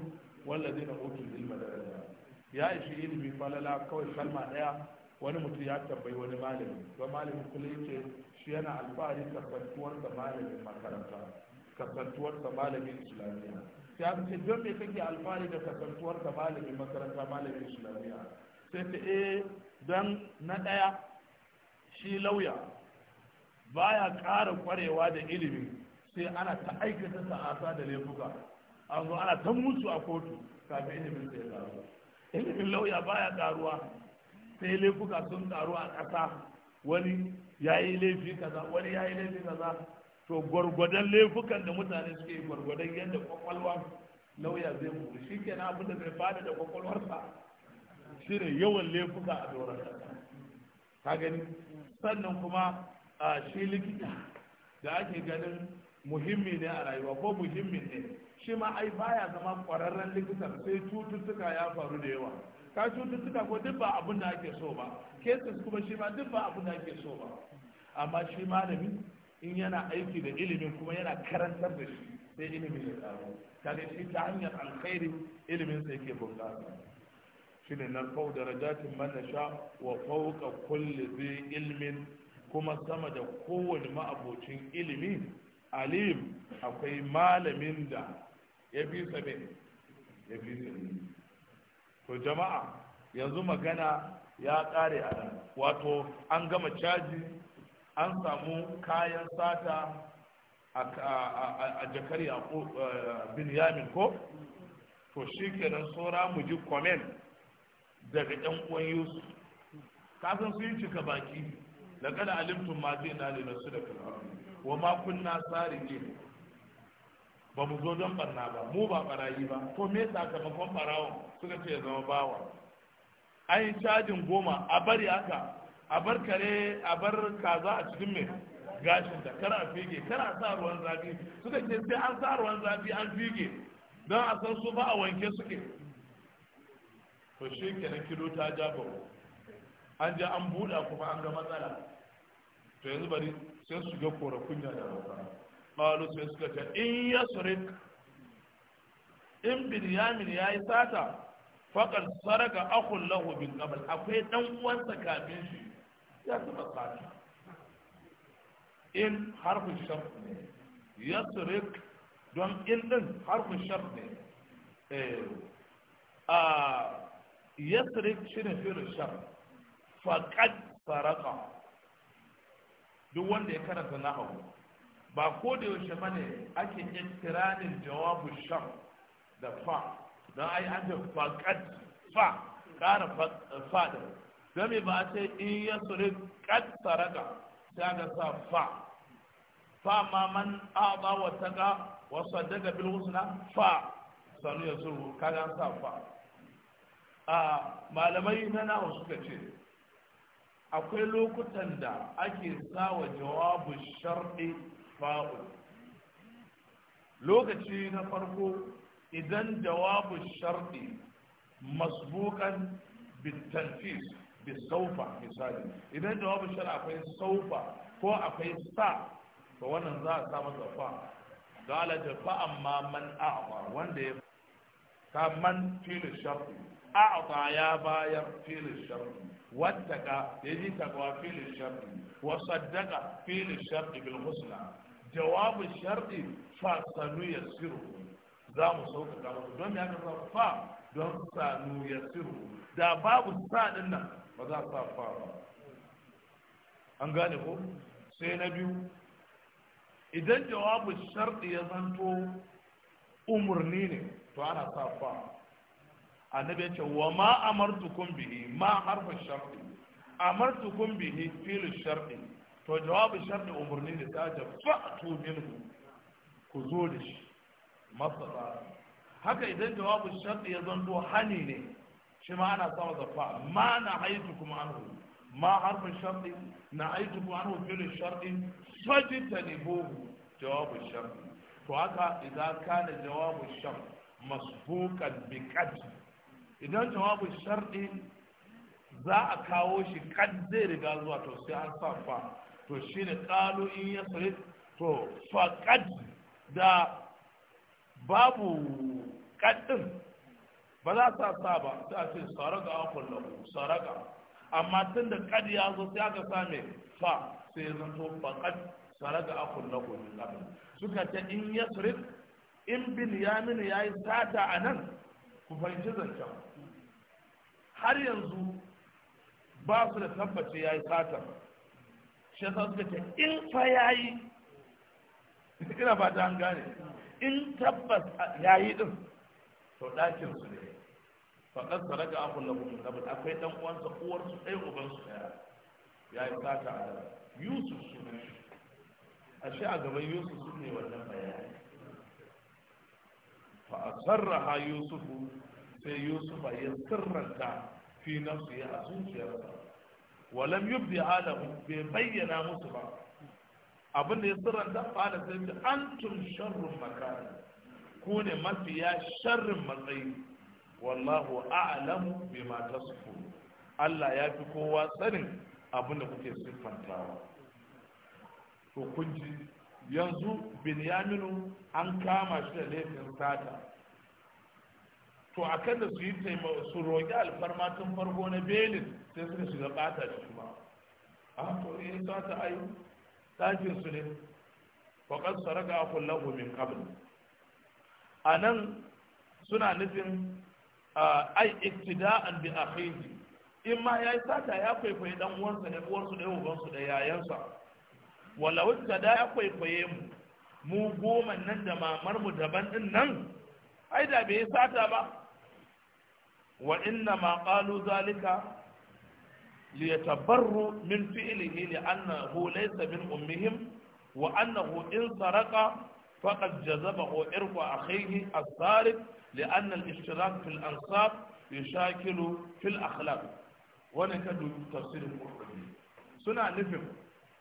wallazina utul ilma daraja ya ishi ilimi falala kawai kalma ɗaya wani mutum ya tambayi wani malami ba malamin kullum ce shi yana alfahari tabbatuwar da malamin makaranta ta malamin islamiyya sai an ce don me kake alfahari da ta malamin makaranta malamin islamiyya sai ta e eh, don na ɗaya shi lauya baya ƙara ƙwarewa da ilimi sai ana ta aikata sa'asa da laifuka an zo ana ta mutu a kotu kafin ilimin sai ƙaru ilimin lauya baya ƙaruwa sai laifuka sun ƙaru a ƙasa wani ya yi laifi kaza wani ya yi laifi kaza to gwargwadon laifukan da mutane suke yi gwargwadon yadda kwakwalwa lauya zai mutu shi kenan abin da zai fada da kwakwalwarsa shi ne yawan laifuka a doron ka gani sannan kuma a shi likita da ake ganin muhimmi ne a rayuwa ko muhimmi ne shi ma ai baya zama kwararren likitan sai cututtuka ya faru da yawa ka cututtuka ko duk ba abin da ake so ba kesis kuma shi ma duk ba abin da ake so ba amma shi malami in yana aiki da ilimin kuma yana karantar da shi sai ilimin ya karu kaga shi ta hanyar alkhairi ilimin sai ke bunƙasa shi ne na darajatin man sha wa fauka kulli zai ilmin kuma sama da kowane ma'abocin ilimi alim akwai malamin da ya fi sabi ya fi sabi to jama'a yanzu magana ya ƙare a nan wato an gama caji an samu kayan sata a jakar eh, bin yamin ko to shi kenan saura mu ji komen daga yan uwan yusuf Kasan su yi cika baki da alimtum ma su da nasulaka wa ma kunna sariqin ba mu zo don barna ba mu ba barayi ba Ko me sakamakon barawo suka ce zama bawa an yi cajin goma a bari haka a bar kare a bar kaza a cikin mai gashin kar a fige kar a sa ruwan zafi suka ce sai an sa ruwan zafi an fige don a san su ba a wanke suke to shi kenan kilo ta ja ba an ja an buɗa kuma an ga matsala to yanzu bari sai su ga kora kunya da rafa ɓalo sai suka ce in yasrik in ya yi sata faƙar saraka akhul lahu bin kamar. akwai ɗan uwansa kafin shi ya zama tsari in harfin shar ne yasrik don in din harfin shar ne eh, a yasrik shi ne firin shar faƙad faraka duk wanda ya karanta na nahawu ba ko da yaushe ba ne ake iktiranin jawabu shar da fa don ai an da faƙad fa ƙara fa da zami ba a ce in ya suri kad saraka sai ga sa fa fa ma man aba wa taqa wa saddaqa bil husna fa sanu ya suru kaga sa fa a malamai na nawa suka ce akwai lokutan da ake wa jawabu shar'i fa'u lokaci na farko idan jawabu shar'i masbukan bitanfis fi saufa misali idan jawabin shari'a akwai saufa ko akwai sa to wannan za a samu masa gala da fa amma man a'ta wanda ya ka man fil sharri a'ta ya bayar fil sharri wattaka yaji takwa fil sharri wa saddaqa fil sharri bil husna jawabu sharri fa sanu yasiru za mu sauka masa don ya ga fa don sanu yasiru da babu sa din nan ba za a sa fa ba an gane ko sai na biyu idan jawabin sharɗi ya zanto umarni ne to ana sa fa annabi ya ce wa ma amartukum bihi ma harfa sharɗi amartukum bihi fili sharɗi to jawabin sharɗi umarni ne ta ce a minhu ku zo da shi masara haka idan jawabin sharɗi ya zanto hani ne shi ma ana sawa masa fa ma na haitu kuma hu ma harfin sharɗi na haitu kuma hu fili sharɗi ta ne bohu jawabu sharɗi to haka idan kana jawabu sharɗi masbukan bi idan jawabu sharɗi za a kawo shi kad zai riga zuwa to sai an sa fa to shi ne kalu in ya sarif to fa da babu kaddin ba za ta sa ba sai a ce saraka a lahu saraka amma tun da kad ya zo sai aka same fa sai ya zanto faqad saraka a lahu min suka ce in yasrif in bil yamin yi sata anan ku fahimci zancen har yanzu ba su da tabbace yi sata shi ya suka ce in fa yi ina ba ta an gane in tabbas ya yi din to ɗakin su ne Faɗar sa raga abun Na min qabl akwai ɗan uwansa uwar su ɗaya uban su ɗaya ya yi sata a yusuf su ne ashe a gaban yusuf su ne wannan bayani fa sarraha yusufu sai yusuf ya sirranta fi nafsi a zuciyarsa walam yubdi halahu bai bayyana musu ba abin da ya sirranta fa da sai antum sharrun makana ku ne mafiya sharrin matsayi wallahu a'lamu bima tasfu Allah ya fi kowa sanin abin da kuke siffantawa to kunji yanzu binyaminu an kama shi da laifin sata to a kan da su yi su roƙi alfarma tun farko na belin sai suka shiga ɓata shi kuma a to eh sata ayu tajin su ne faƙar saraka a kullahu min qabl a nan suna nufin ai an bi akhihi in ma ya yi sata ya kwaikwaye dan uwansa ne uwarsu da ubansu da yayansa wala wata da ya kwaikwaye mu mu goma nan da mamar mu daban din nan ai da bai sata ba wa inna ma qalu zalika yatabarru min fi'lihi li hu laysa min ummihim wa annahu in saraka فقد جذبه إرق أخيه الصارف لأن الاشتراك في الأنصاب يشاكل في الأخلاق wannan ka dubi tafsirin Qur'ani suna nufin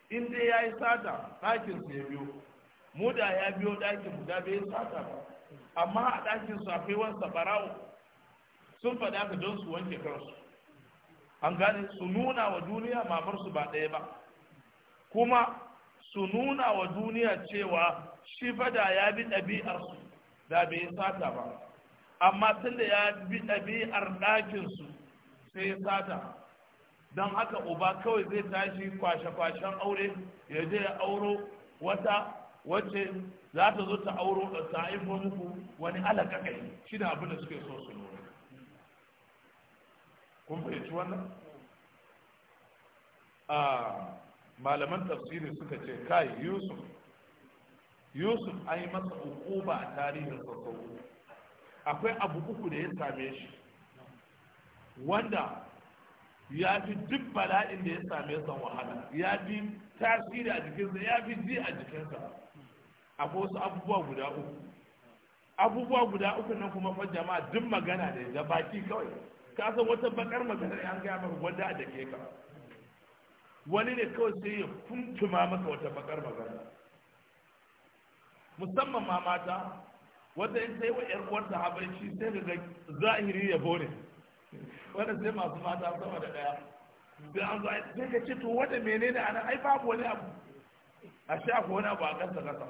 in dai yayi sata ɗakin su ya biyo mu ya biyo ɗakin mu bai sata amma a ɗakin su akwai wani sabara'u sun faɗa don su wanke kansu an gane su nuna wa duniya mamar su ba ɗaya ba kuma su nuna wa duniya cewa shi fada ya bi ɗabi'arsu da bai sata ba amma tun da ya bi ɗabi'ar ɗakinsu sai ya sata don haka uba kawai zai tashi kwashe-kwashen aure ya je ya auro wata wacce za ta zo ta auro da ta haifo muku wani alaka kai shi da abin da suke so su nuna kun fahimci wannan ah, malaman tafsiri suka ce kai yusuf yusuf an yi masa hukuma a tarihin sassau akwai abu uku da ya same shi wanda ya fi duk bala'in da ya same sa wahala ya fi tasiri a jikinsa ya fi ji a jikinsa akwai wasu abubuwa guda uku abubuwa guda uku nan kuma fa jama'a duk magana da ya baki kawai ka san wata bakar magana an gaya maka gwada da ke ka wani ne kawai sai ya kuntuma maka wata bakar magana musamman ma mata wanda in sai wa ƴar uwarta habaici sai daga zahiri ya bone wanda sai masu mata sama da ɗaya sai an zo sai ka ce to wanda menene anan ai babu wani abu a sha ko wani abu a ƙasa ƙasa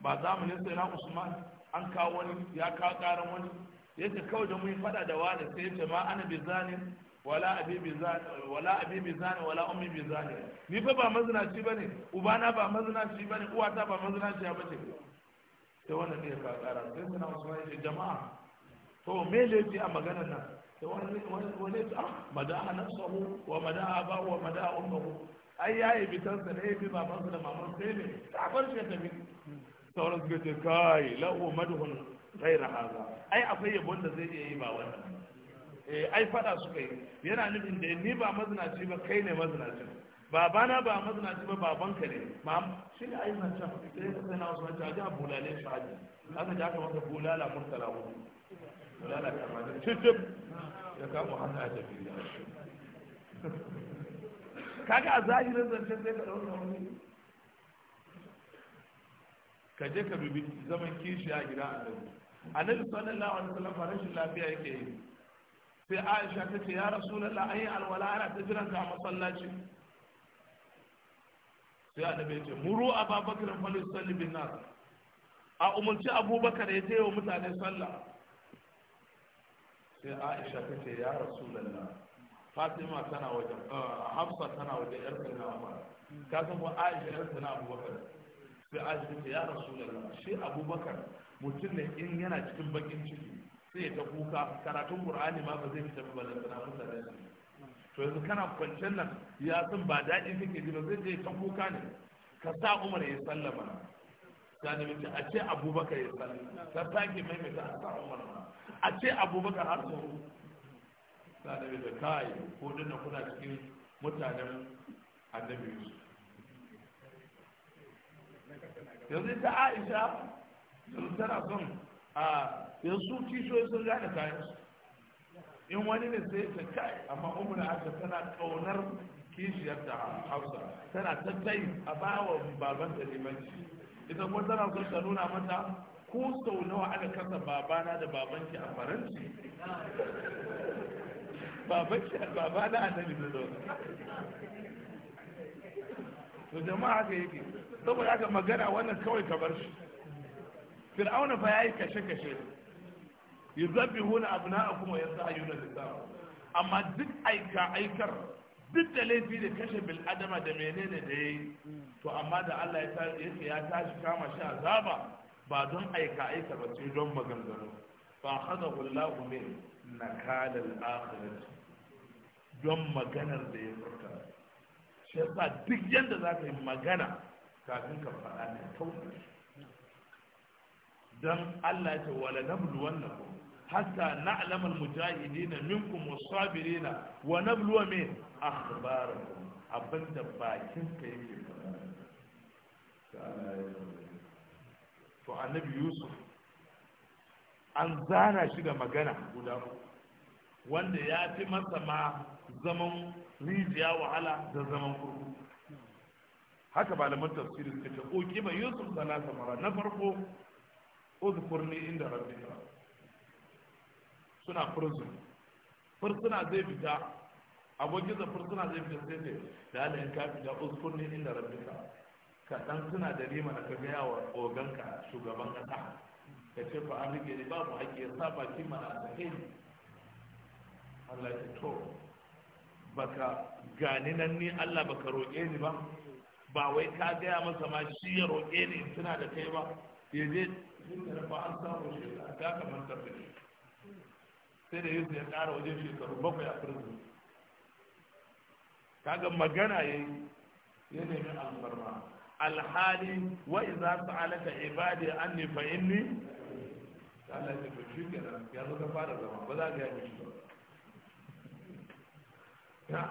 ba zamanin sai na usman an kawo wani ya kawo ƙaran wani yace kawai da mun faɗa da wani sai ya ce ma ana bizanin wala abi zani wala abi zani wala ummi zani ni fa ba mazinaci bane ubana ba mazinaci bane uwata ba mazinaci bace sai wannan ne ka kara sai suna wasu wani jama'a to me ji a maganar nan sai wani ya ce ah madaha nafsahu wa madaha ba wa madaha ummuhu ai ya yi bitansa ne ya bi babansa da maman sai ne ta bar shi tafi sauran suka ce kai lahu madhun ghaira haza ai akwai yabon da zai iya yi ba wannan Eh, ai fada suka yi yana nufin da ni ba mazinaci ba kai ne mazinaci babana ba mazinaci ba babanka ne ma shi ne ayyukan can sai ka sai na wasu wancan ajiya bulale su haji haka ji aka masa bulala murtala wuri bulala kamanin tutup ya kama hannu a tafi kaga a zahirin zancen sai ka ɗauka wani ka je ka bibi zaman kishi a gida a nan annabi sallallahu alaihi wasallam farashin lafiya yake yi sai aisha ta ce ya rasu an yi alwala ana ta jiran ka masallaci sai annabi ya ce muru ababakar fali salli bin nas a umarci abubakar ya je wa mutane sallah sai aisha ta ce ya rasu na fatima tana wajen ah, hafsa tana wajen yar sirna ba. ka san ko aisha yar sirna abubakar sai aisha ta ce ya rasu na shi abubakar mutum ne in yana cikin bakin ciki sai ta kuka karatun qur'ani ma ba zai fita ba da kana mutane to yanzu kana kwanciyar nan ya san ba daɗi kake ji ba zai je ta kuka ne ka sa umar ya sallama ta da mace a ce abubakar ya sallama ta sake maimaita a sa umar a ce abubakar har sau ta da mace kai ko na kuna cikin mutanen annabi yusuf yanzu ta aisha yanzu tana son a yanzu kishiyoyi sun gane kayan su in wani ne sai ta kai amma umar haka tana kaunar kishiyar ta hausa tana ta kai a bawa baban ta limanci ita kuma tana son ta nuna mata ko sau nawa aka kasa babana da babanki a Baban babanki a babana a nan da zaune to jama'a haka yake saboda haka magana wannan kawai ka bar shi fir'auna fa yi kashe kashe yuzabbihuna abna'akum wa yastahiyuna nisa'akum amma duk aika aikar duk da laifi da kashe bil'adama da menene da yayi to amma da Allah ya tashi ya tashi kama sha azaba ba don aika aika ba sai don maganganu fa akhadahu Allahu min nakal al-akhirah don maganar da ya furta shi yasa duk yanda zaka yi magana kafin ka faɗa ne kawai dan Allah ya ce wala wannan hatta na'lamu al-mujahidina minkum was-sabirina wa nablu min akhbarakum abinda bakin ka yake to annabi Yusuf an zana shi da magana guda wanda ya fi masa ma zaman rijiya wahala da zaman kurkuku haka malaman tafsiri suka ce ko ba Yusuf salasa mara na farko uzkurni inda ka suna furzu fursuna zai fita abokin da fursuna zai fita sai ne da halayen ka fita uzkurni inda rabbi ka dan suna da rima na ka gaya wa ka shugaban kasa ka ce ba an rike ni babu haƙƙi ya sa baki mana a sahi Allah ya to baka gani nan ni Allah baka roƙe ni ba ba wai ka gaya masa ma shi ya roƙe ni in da kai ba ya je inda ba an samu shekara ta kamar ta fi sai da yusuf ya ƙara wajen shekaru bakwai a firzin kaga magana ya yi ya nemi alfarma alhali wa iza alaka ibadi anni fa inni Allah ya tafi shi kenan ya zo ka fara zama ba za ka yi mishi ba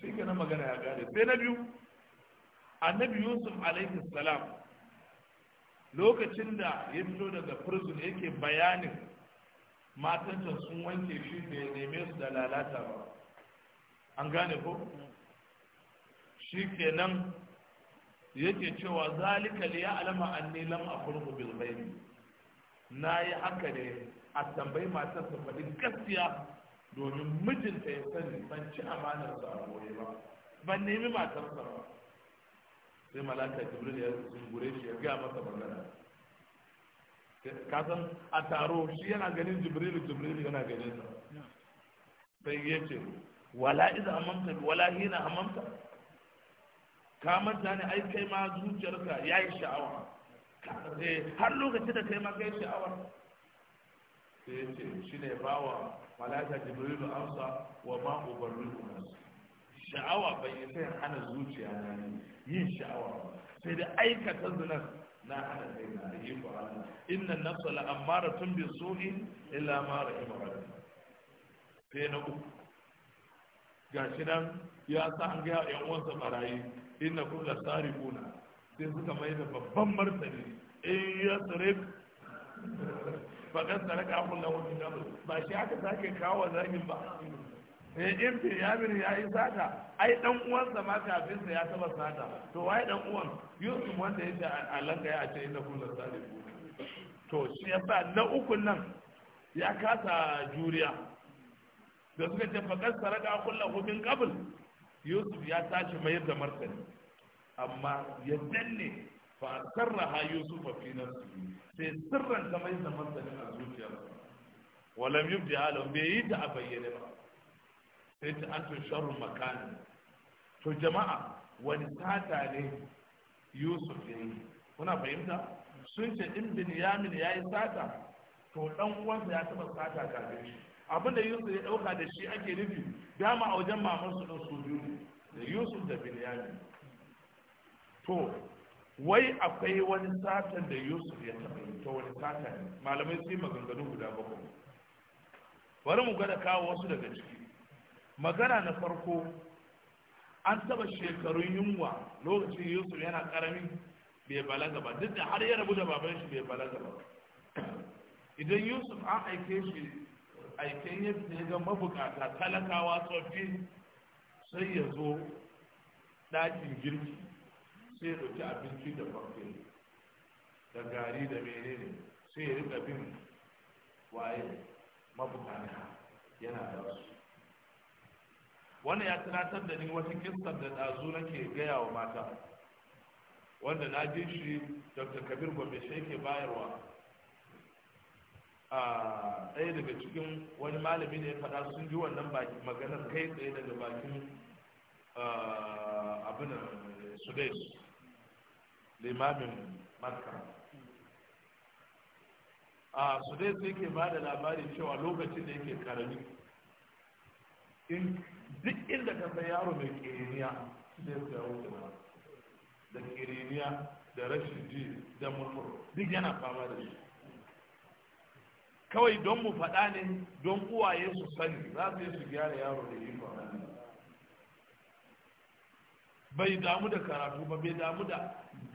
shi kenan magana ya gane sai na biyu annabi yusuf alaihi salam lokacin da ya fito daga prison yake bayanin matansa sun wanke shi da ya neme su da lalata ba an gane ko shi kenan yake cewa zalika ya alama an nilan a bil Bilbaini. na yi haka ne a tambayi matarsa, faɗin gaskiya domin mijinta ya sani ban ci amanar sa a ba ban nemi matarsa ba sai malaka jibril ya gure shi ya gaya masa magana kasan a taro shi yana ganin jibril jibril yana ganin sa sai ya ce wala iza amanta wala hina amanta ka manta ne ai kai ma zuciyarka yayi sha'awa eh, har lokacin da kai ma kai sha'awa sai ya ce shi ne bawa malaka jibril amsa wa ma ubarru nasu sha'awa bai yi sai hana zuciya na yin sha'awa sai da aikata zinar na hana kai na da iko Allah inna nafsa an mara tun bi su'i illa ma rahima rabbi sai na uku shi nan ya sa an gaya yan uwansa barayi inna kun tsari kuna? sai suka mai da babban martani in ya Ba sarif fakan saraka akun lahu min ba shi aka sake kawo zagin ba Eh, in fi ya yi sata ai dan uwansa ma kafin sa ya taba sata to wai dan uwan yusuf wanda yake a langa ya ce inna kullu salihu to shi ya ba na ukun nan ya kasa juriya da suka ce fakar saraka kullahu min qabl yusuf ya tashi mai da martani amma ya danne fa sarraha yusuf fi nafsi sai sirran ta mai da martani a zuciyarsa walam yubdi alam bai yi ta a ba sai ta an sharrun makani to jama'a wani sata ne yusuf ya yi kuna fahimta sun ce in bin yamin ya yi sata to dan uwansa ya taba sata kafin shi Abin da yusuf ya dauka da shi ake nufi dama a wajen mamansu su su biyu da yusuf da bin yamin to wai akwai wani satan da yusuf ya taba yi to wani sata ne malamai yi maganganu guda bakwai bari mu gada kawo wasu daga ciki magana na farko an taba shekarun yunwa lokacin yusuf yana karami bai balaga ba duk da har ya rabu da baban shi bai balaga ba idan yusuf an aike shi aiken yadda ya ga mabukata talakawa tsoffi sai ya zo ɗakin girki sai ya ɗauki abinci da farfe da gari da menene sai ya riƙa bin waye mabukata yana da wasu. wannan ya tunatar da ni wata kistar da ɗazu nake gaya wa mata wanda na ji shi dr kabir gombe shi ke bayarwa a ɗaya daga cikin wani malami ne ya faɗa sun ji wannan maganar kai tsaye daga bakin abin sudais limamin makka a sudais yake ba da labarin cewa lokacin da yake karami in duk inda ka san yaro mai kiriniya sai su yawo da da kiriniya da rashin ji da mutum duk yana fama da shi kawai don mu faɗa ne don uwaye su sani za su yi su gyara yaro da yi fama bai damu da karatu ba bai damu da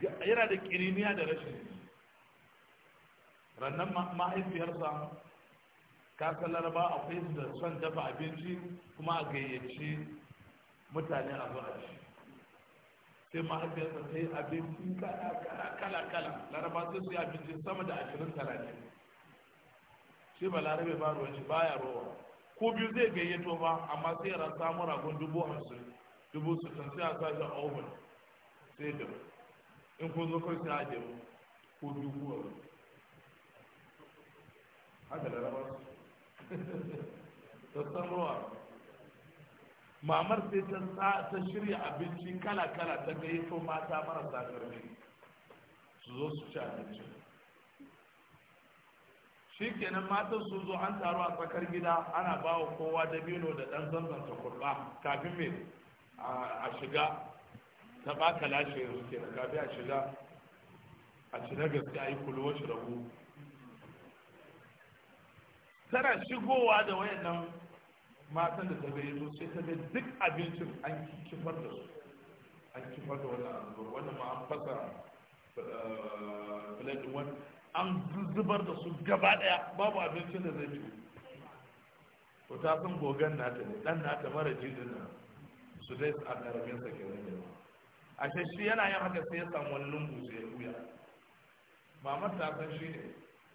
yana da kiriniya da rashin ji rannan mahaifiyarsa kasan laraba akwai su da son dafa abinci kuma a gayyaci mutane a zuwa shi sai mahaifiyarsa ta yi abinci kala-kala laraba sai su yi abinci sama da ashirin talatin shi ba larabe ba ruwan shi baya rowa ko biyu zai gayyato ba amma sai ran samu ragon dubu hamsin dubu sittin sai a sa shi a oven sai da in kun zo kai sai a ko dubu haka laraba su ta mamar sai ta shirya abinci kala-kala ta gayyato mata marasa karfi su zo su ci abinci shi kenan matan su zo an taru a tsakar gida ana ba wa kowa dabino da ɗan ta kurɓa kafin mai a shiga ta baka lashe yanzu da kafin a shiga a ci gaske a yi kulwashi shi rabu tana shigowa da wayannan matan da ta bayyano sai ta ga duk abincin an kifar da su an kifar da wannan abubuwa wannan ma an fasa filadin eh, wani an zubar da su gaba daya babu abincin da zai ci to ta san gogan nata ne dan nata mara jirgin nan su dai a karamin sa kenan ne a shi yana yin haka sai ya samu wani lungu sai ya buya mamar ta san shi ne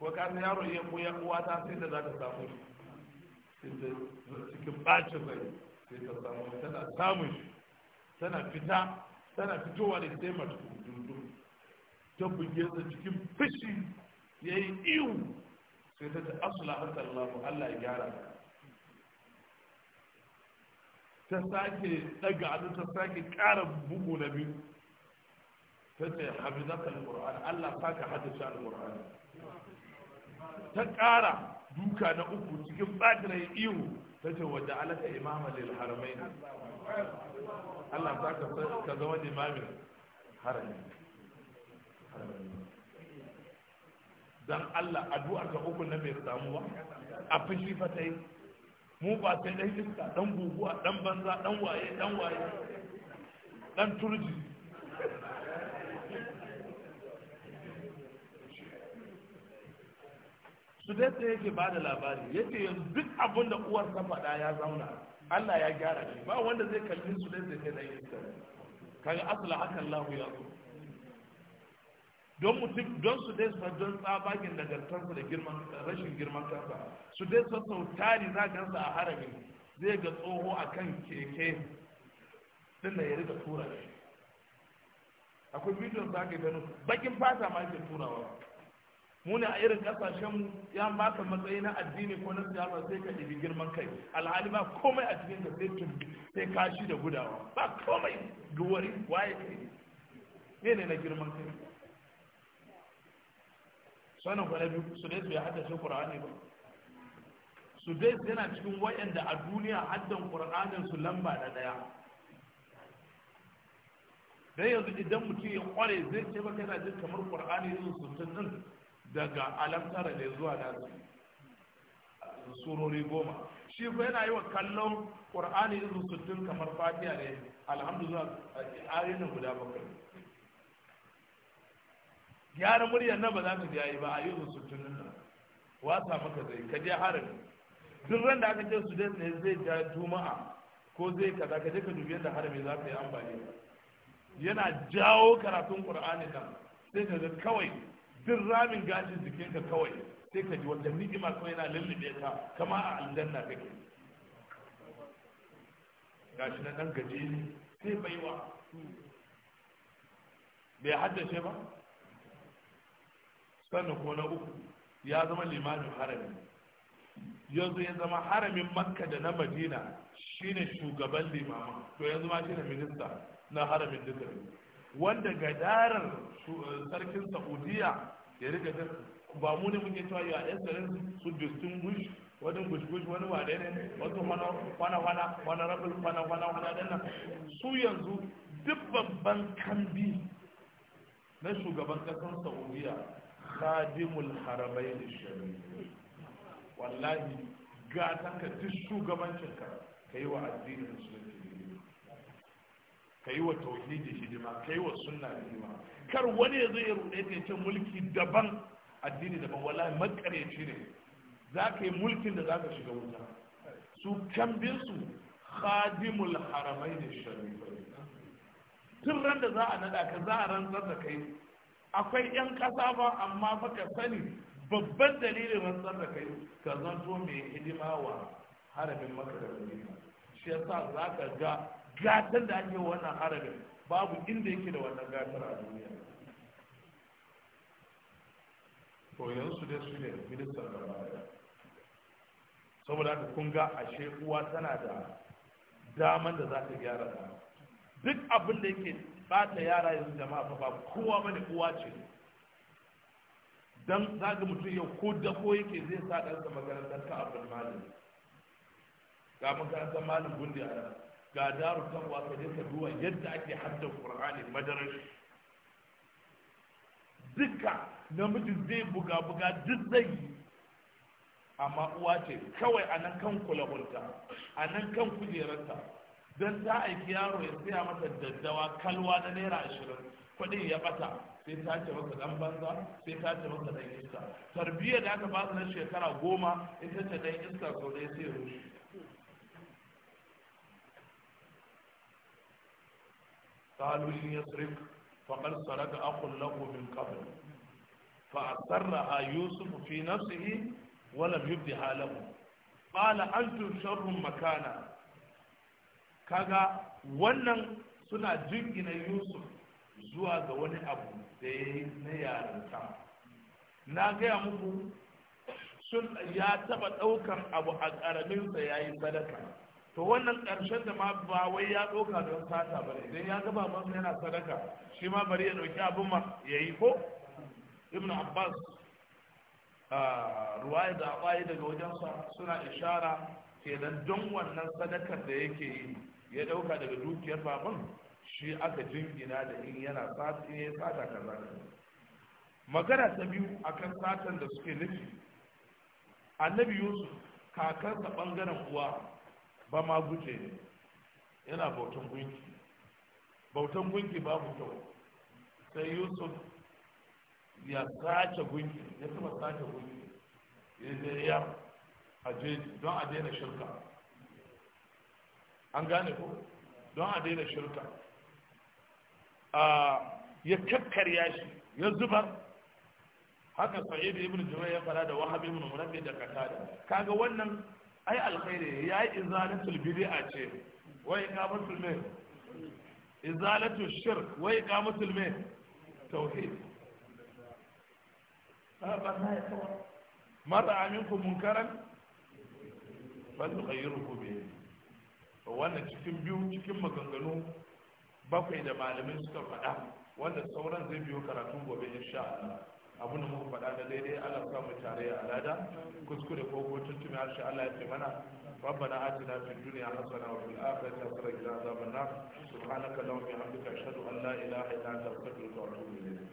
ko ka san yaro ya ko ya uwa ta sai da za ta samu cikin bacin rai sai ta samu tana samun shi tana fita tana fitowa da sai mata dundun ta buge ta cikin fushi ya yi iwu sai ta ta asula haka Allah Allah ya gyara ta sake daga adu ta sake ƙara bugu na biyu ta ce hafizaka al-Qur'an Allah saka hadisi al-Qur'an ta ƙara duka na uku cikin batirai ihu ta ce wadda alaka imama lil haramai Allah ta ka zama imamin harami dan Allah addu'ar ka uku na bai samu ba a fushi fa ta yi mu ba ta dan iska dan guguwa dan banza dan waye dan waye dan turji su dai sai yake bada labari yake yanzu duk abin da uwar ta faɗa ya zauna Allah ya gyara shi ba wanda zai kalli su dai sai da yi kaga asala haka Allah ya so don mutum don su dai sa don nagartarsa da girman rashin girman kansa su dai sa sau tari za ka a harami zai ga tsoho a kan keke din da ya rika tura shi akwai bidiyon za ka gano bakin fata ma yake turawa muna a irin kasashen ya baka matsayi na addini ko na siyasa sai ka ɗibi girman kai alhali ba komai a cikin sai tun sai kashi da gudawa ba komai duwari waye kai ne ne na girman kai sanin kwana biyu su dai su ya haddace qur'ani ba su dai yana cikin wayanda a duniya haddan qur'anin su lamba da daya dan yanzu idan mutum ya kware zai ce maka yana jin kamar qur'ani yanzu sun din daga alamtara da zuwa da surori goma shi fa yana yi wa kallon ƙwar'ani da sittin kamar fatiya ne alhamdulillah nan guda bakwai gyara muryar na ba za ka yi ba a yi izu nan. nan wasa maka zai ka je harin duk ran da aka ce student ne zai ja juma'a ko zai kaza ka je ka dubi yadda harin za ka yi amfani yana jawo karatun ƙwar'ani nan sai ka ga kawai sun ramin gashin jikinka kawai sai ka ji wata ni'ima kuma yana lullube ka kama a aljanna kake gashi na dan ne sai baiwa bai haddace ba sannan ko na uku ya zama limamin harami yanzu ya zama haramin makka da na madina shine shugaban limama, to yanzu ma shine minista na haramin dukkan wanda gadarar eh, sarkin saudiya ya riga da ba mu ne muke cewa ya yan sarin su bush wani bush wani wane ne wana wana wana wana rabin kwana kwana kwana ɗan nan su yanzu duk babban kambi na shugaban kasar saudiya khadimul harabain da shari'a wallahi ga ka duk shugabancin ka kai yi wa addinin musulunci ka yi wa tauhidi hidima ka yi wa sunna hidima kar wani ya zai rude ka ce mulki daban addini daban wallahi makareci ne za ka yi mulkin da za ka shiga wuta su tambin su khadimul haramai da tun ran da za a nada ka za a rantsar da kai akwai yan kasa ba amma baka sani babban dalilin rantsar da kai ka zanto mai hidima wa haramin maka da shi yasa za ka ga gatar da ake wannan harabin babu inda yake da wannan gatar a duniya to yansu dai su ne ministan da baya saboda haka kun ga ashe uwa tana da daman da za ta gyara ta duk abin da yake bata yara yanzu jama'a fa ba kowa bane uwa ce dan zaga mutum yau ko da ko yake zai sa ɗansa makarantar ka abin malami ga makarantar malam gundi a ga daru kan wasa ne duba yadda ake hadda Kur'ani madarar duka namiji zai buga buga duk zai yi amma uwa ce kawai a nan kan kulahunta a nan kan kujerarta don ta aiki yaro ya saya masa daddawa kalwa na naira ashirin kuɗin ya bata sai ta ce masa dan banza sai ta ce masa dan iska tarbiyyar da aka ba na shekara goma ita ce dan iska sau ɗaya sai rushe قالوا إن يسرق فقد سرق أخ له من قبل فأسرها يوسف في نفسه ولم يبدها له قال أنتم شر مكانا kaga wannan suna jingina yusuf zuwa ga wani abu da ya yi na yarinta na gaya muku sun ya taba ɗaukar abu a ƙaraminsa ya yi sadaka to wannan ƙarshen da ma ba wai ya ɗauka don sata ba ne idan ya ga masa yana sadaka shi ma bari ya ɗauki abin ma ya yi ko ibn abbas ruwaya da abayi daga wajensa suna ishara kenan don wannan sadakar da yake yi ya ɗauka daga dukiyar baban shi aka jingina da in yana sata sata kaza magana ta biyu akan satan da suke nufi annabi yusuf kakansa bangaren uwa ba ma guje ne yana bautan gunki bautan gunki babu kyau sai yusuf ya sace gunki ya taba sace gunki ya je ya aje don a daina shirka an gane ko don a daina shirka ya kakkarya shi ya zubar haka sa'idu ibn jubair ya fara da wahabi ibn murabbi da qatada kaga wannan ai alkhairi ya yi izalatul bid'a ce wai iqamatul musulme izalatul shirk wai iqamatul musulme tauhid ba na ya kawai mata aminku munkaran ba su kayyiru ko wannan cikin biyu cikin maganganu bakwai da malamin suka faɗa wanda sauran zai biyo karatun gobe insha Allah abin da muka faɗa da daidai Allah sa mu tare a lada kuskure ko ko tuntuni har Allah ya fi mana rabbana atina fid dunya hasana wa fil akhirati hasana wa qina azaban nar subhanaka allahumma wa bihamdika ashhadu an la ilaha illa anta astaghfiruka wa atubu ilayk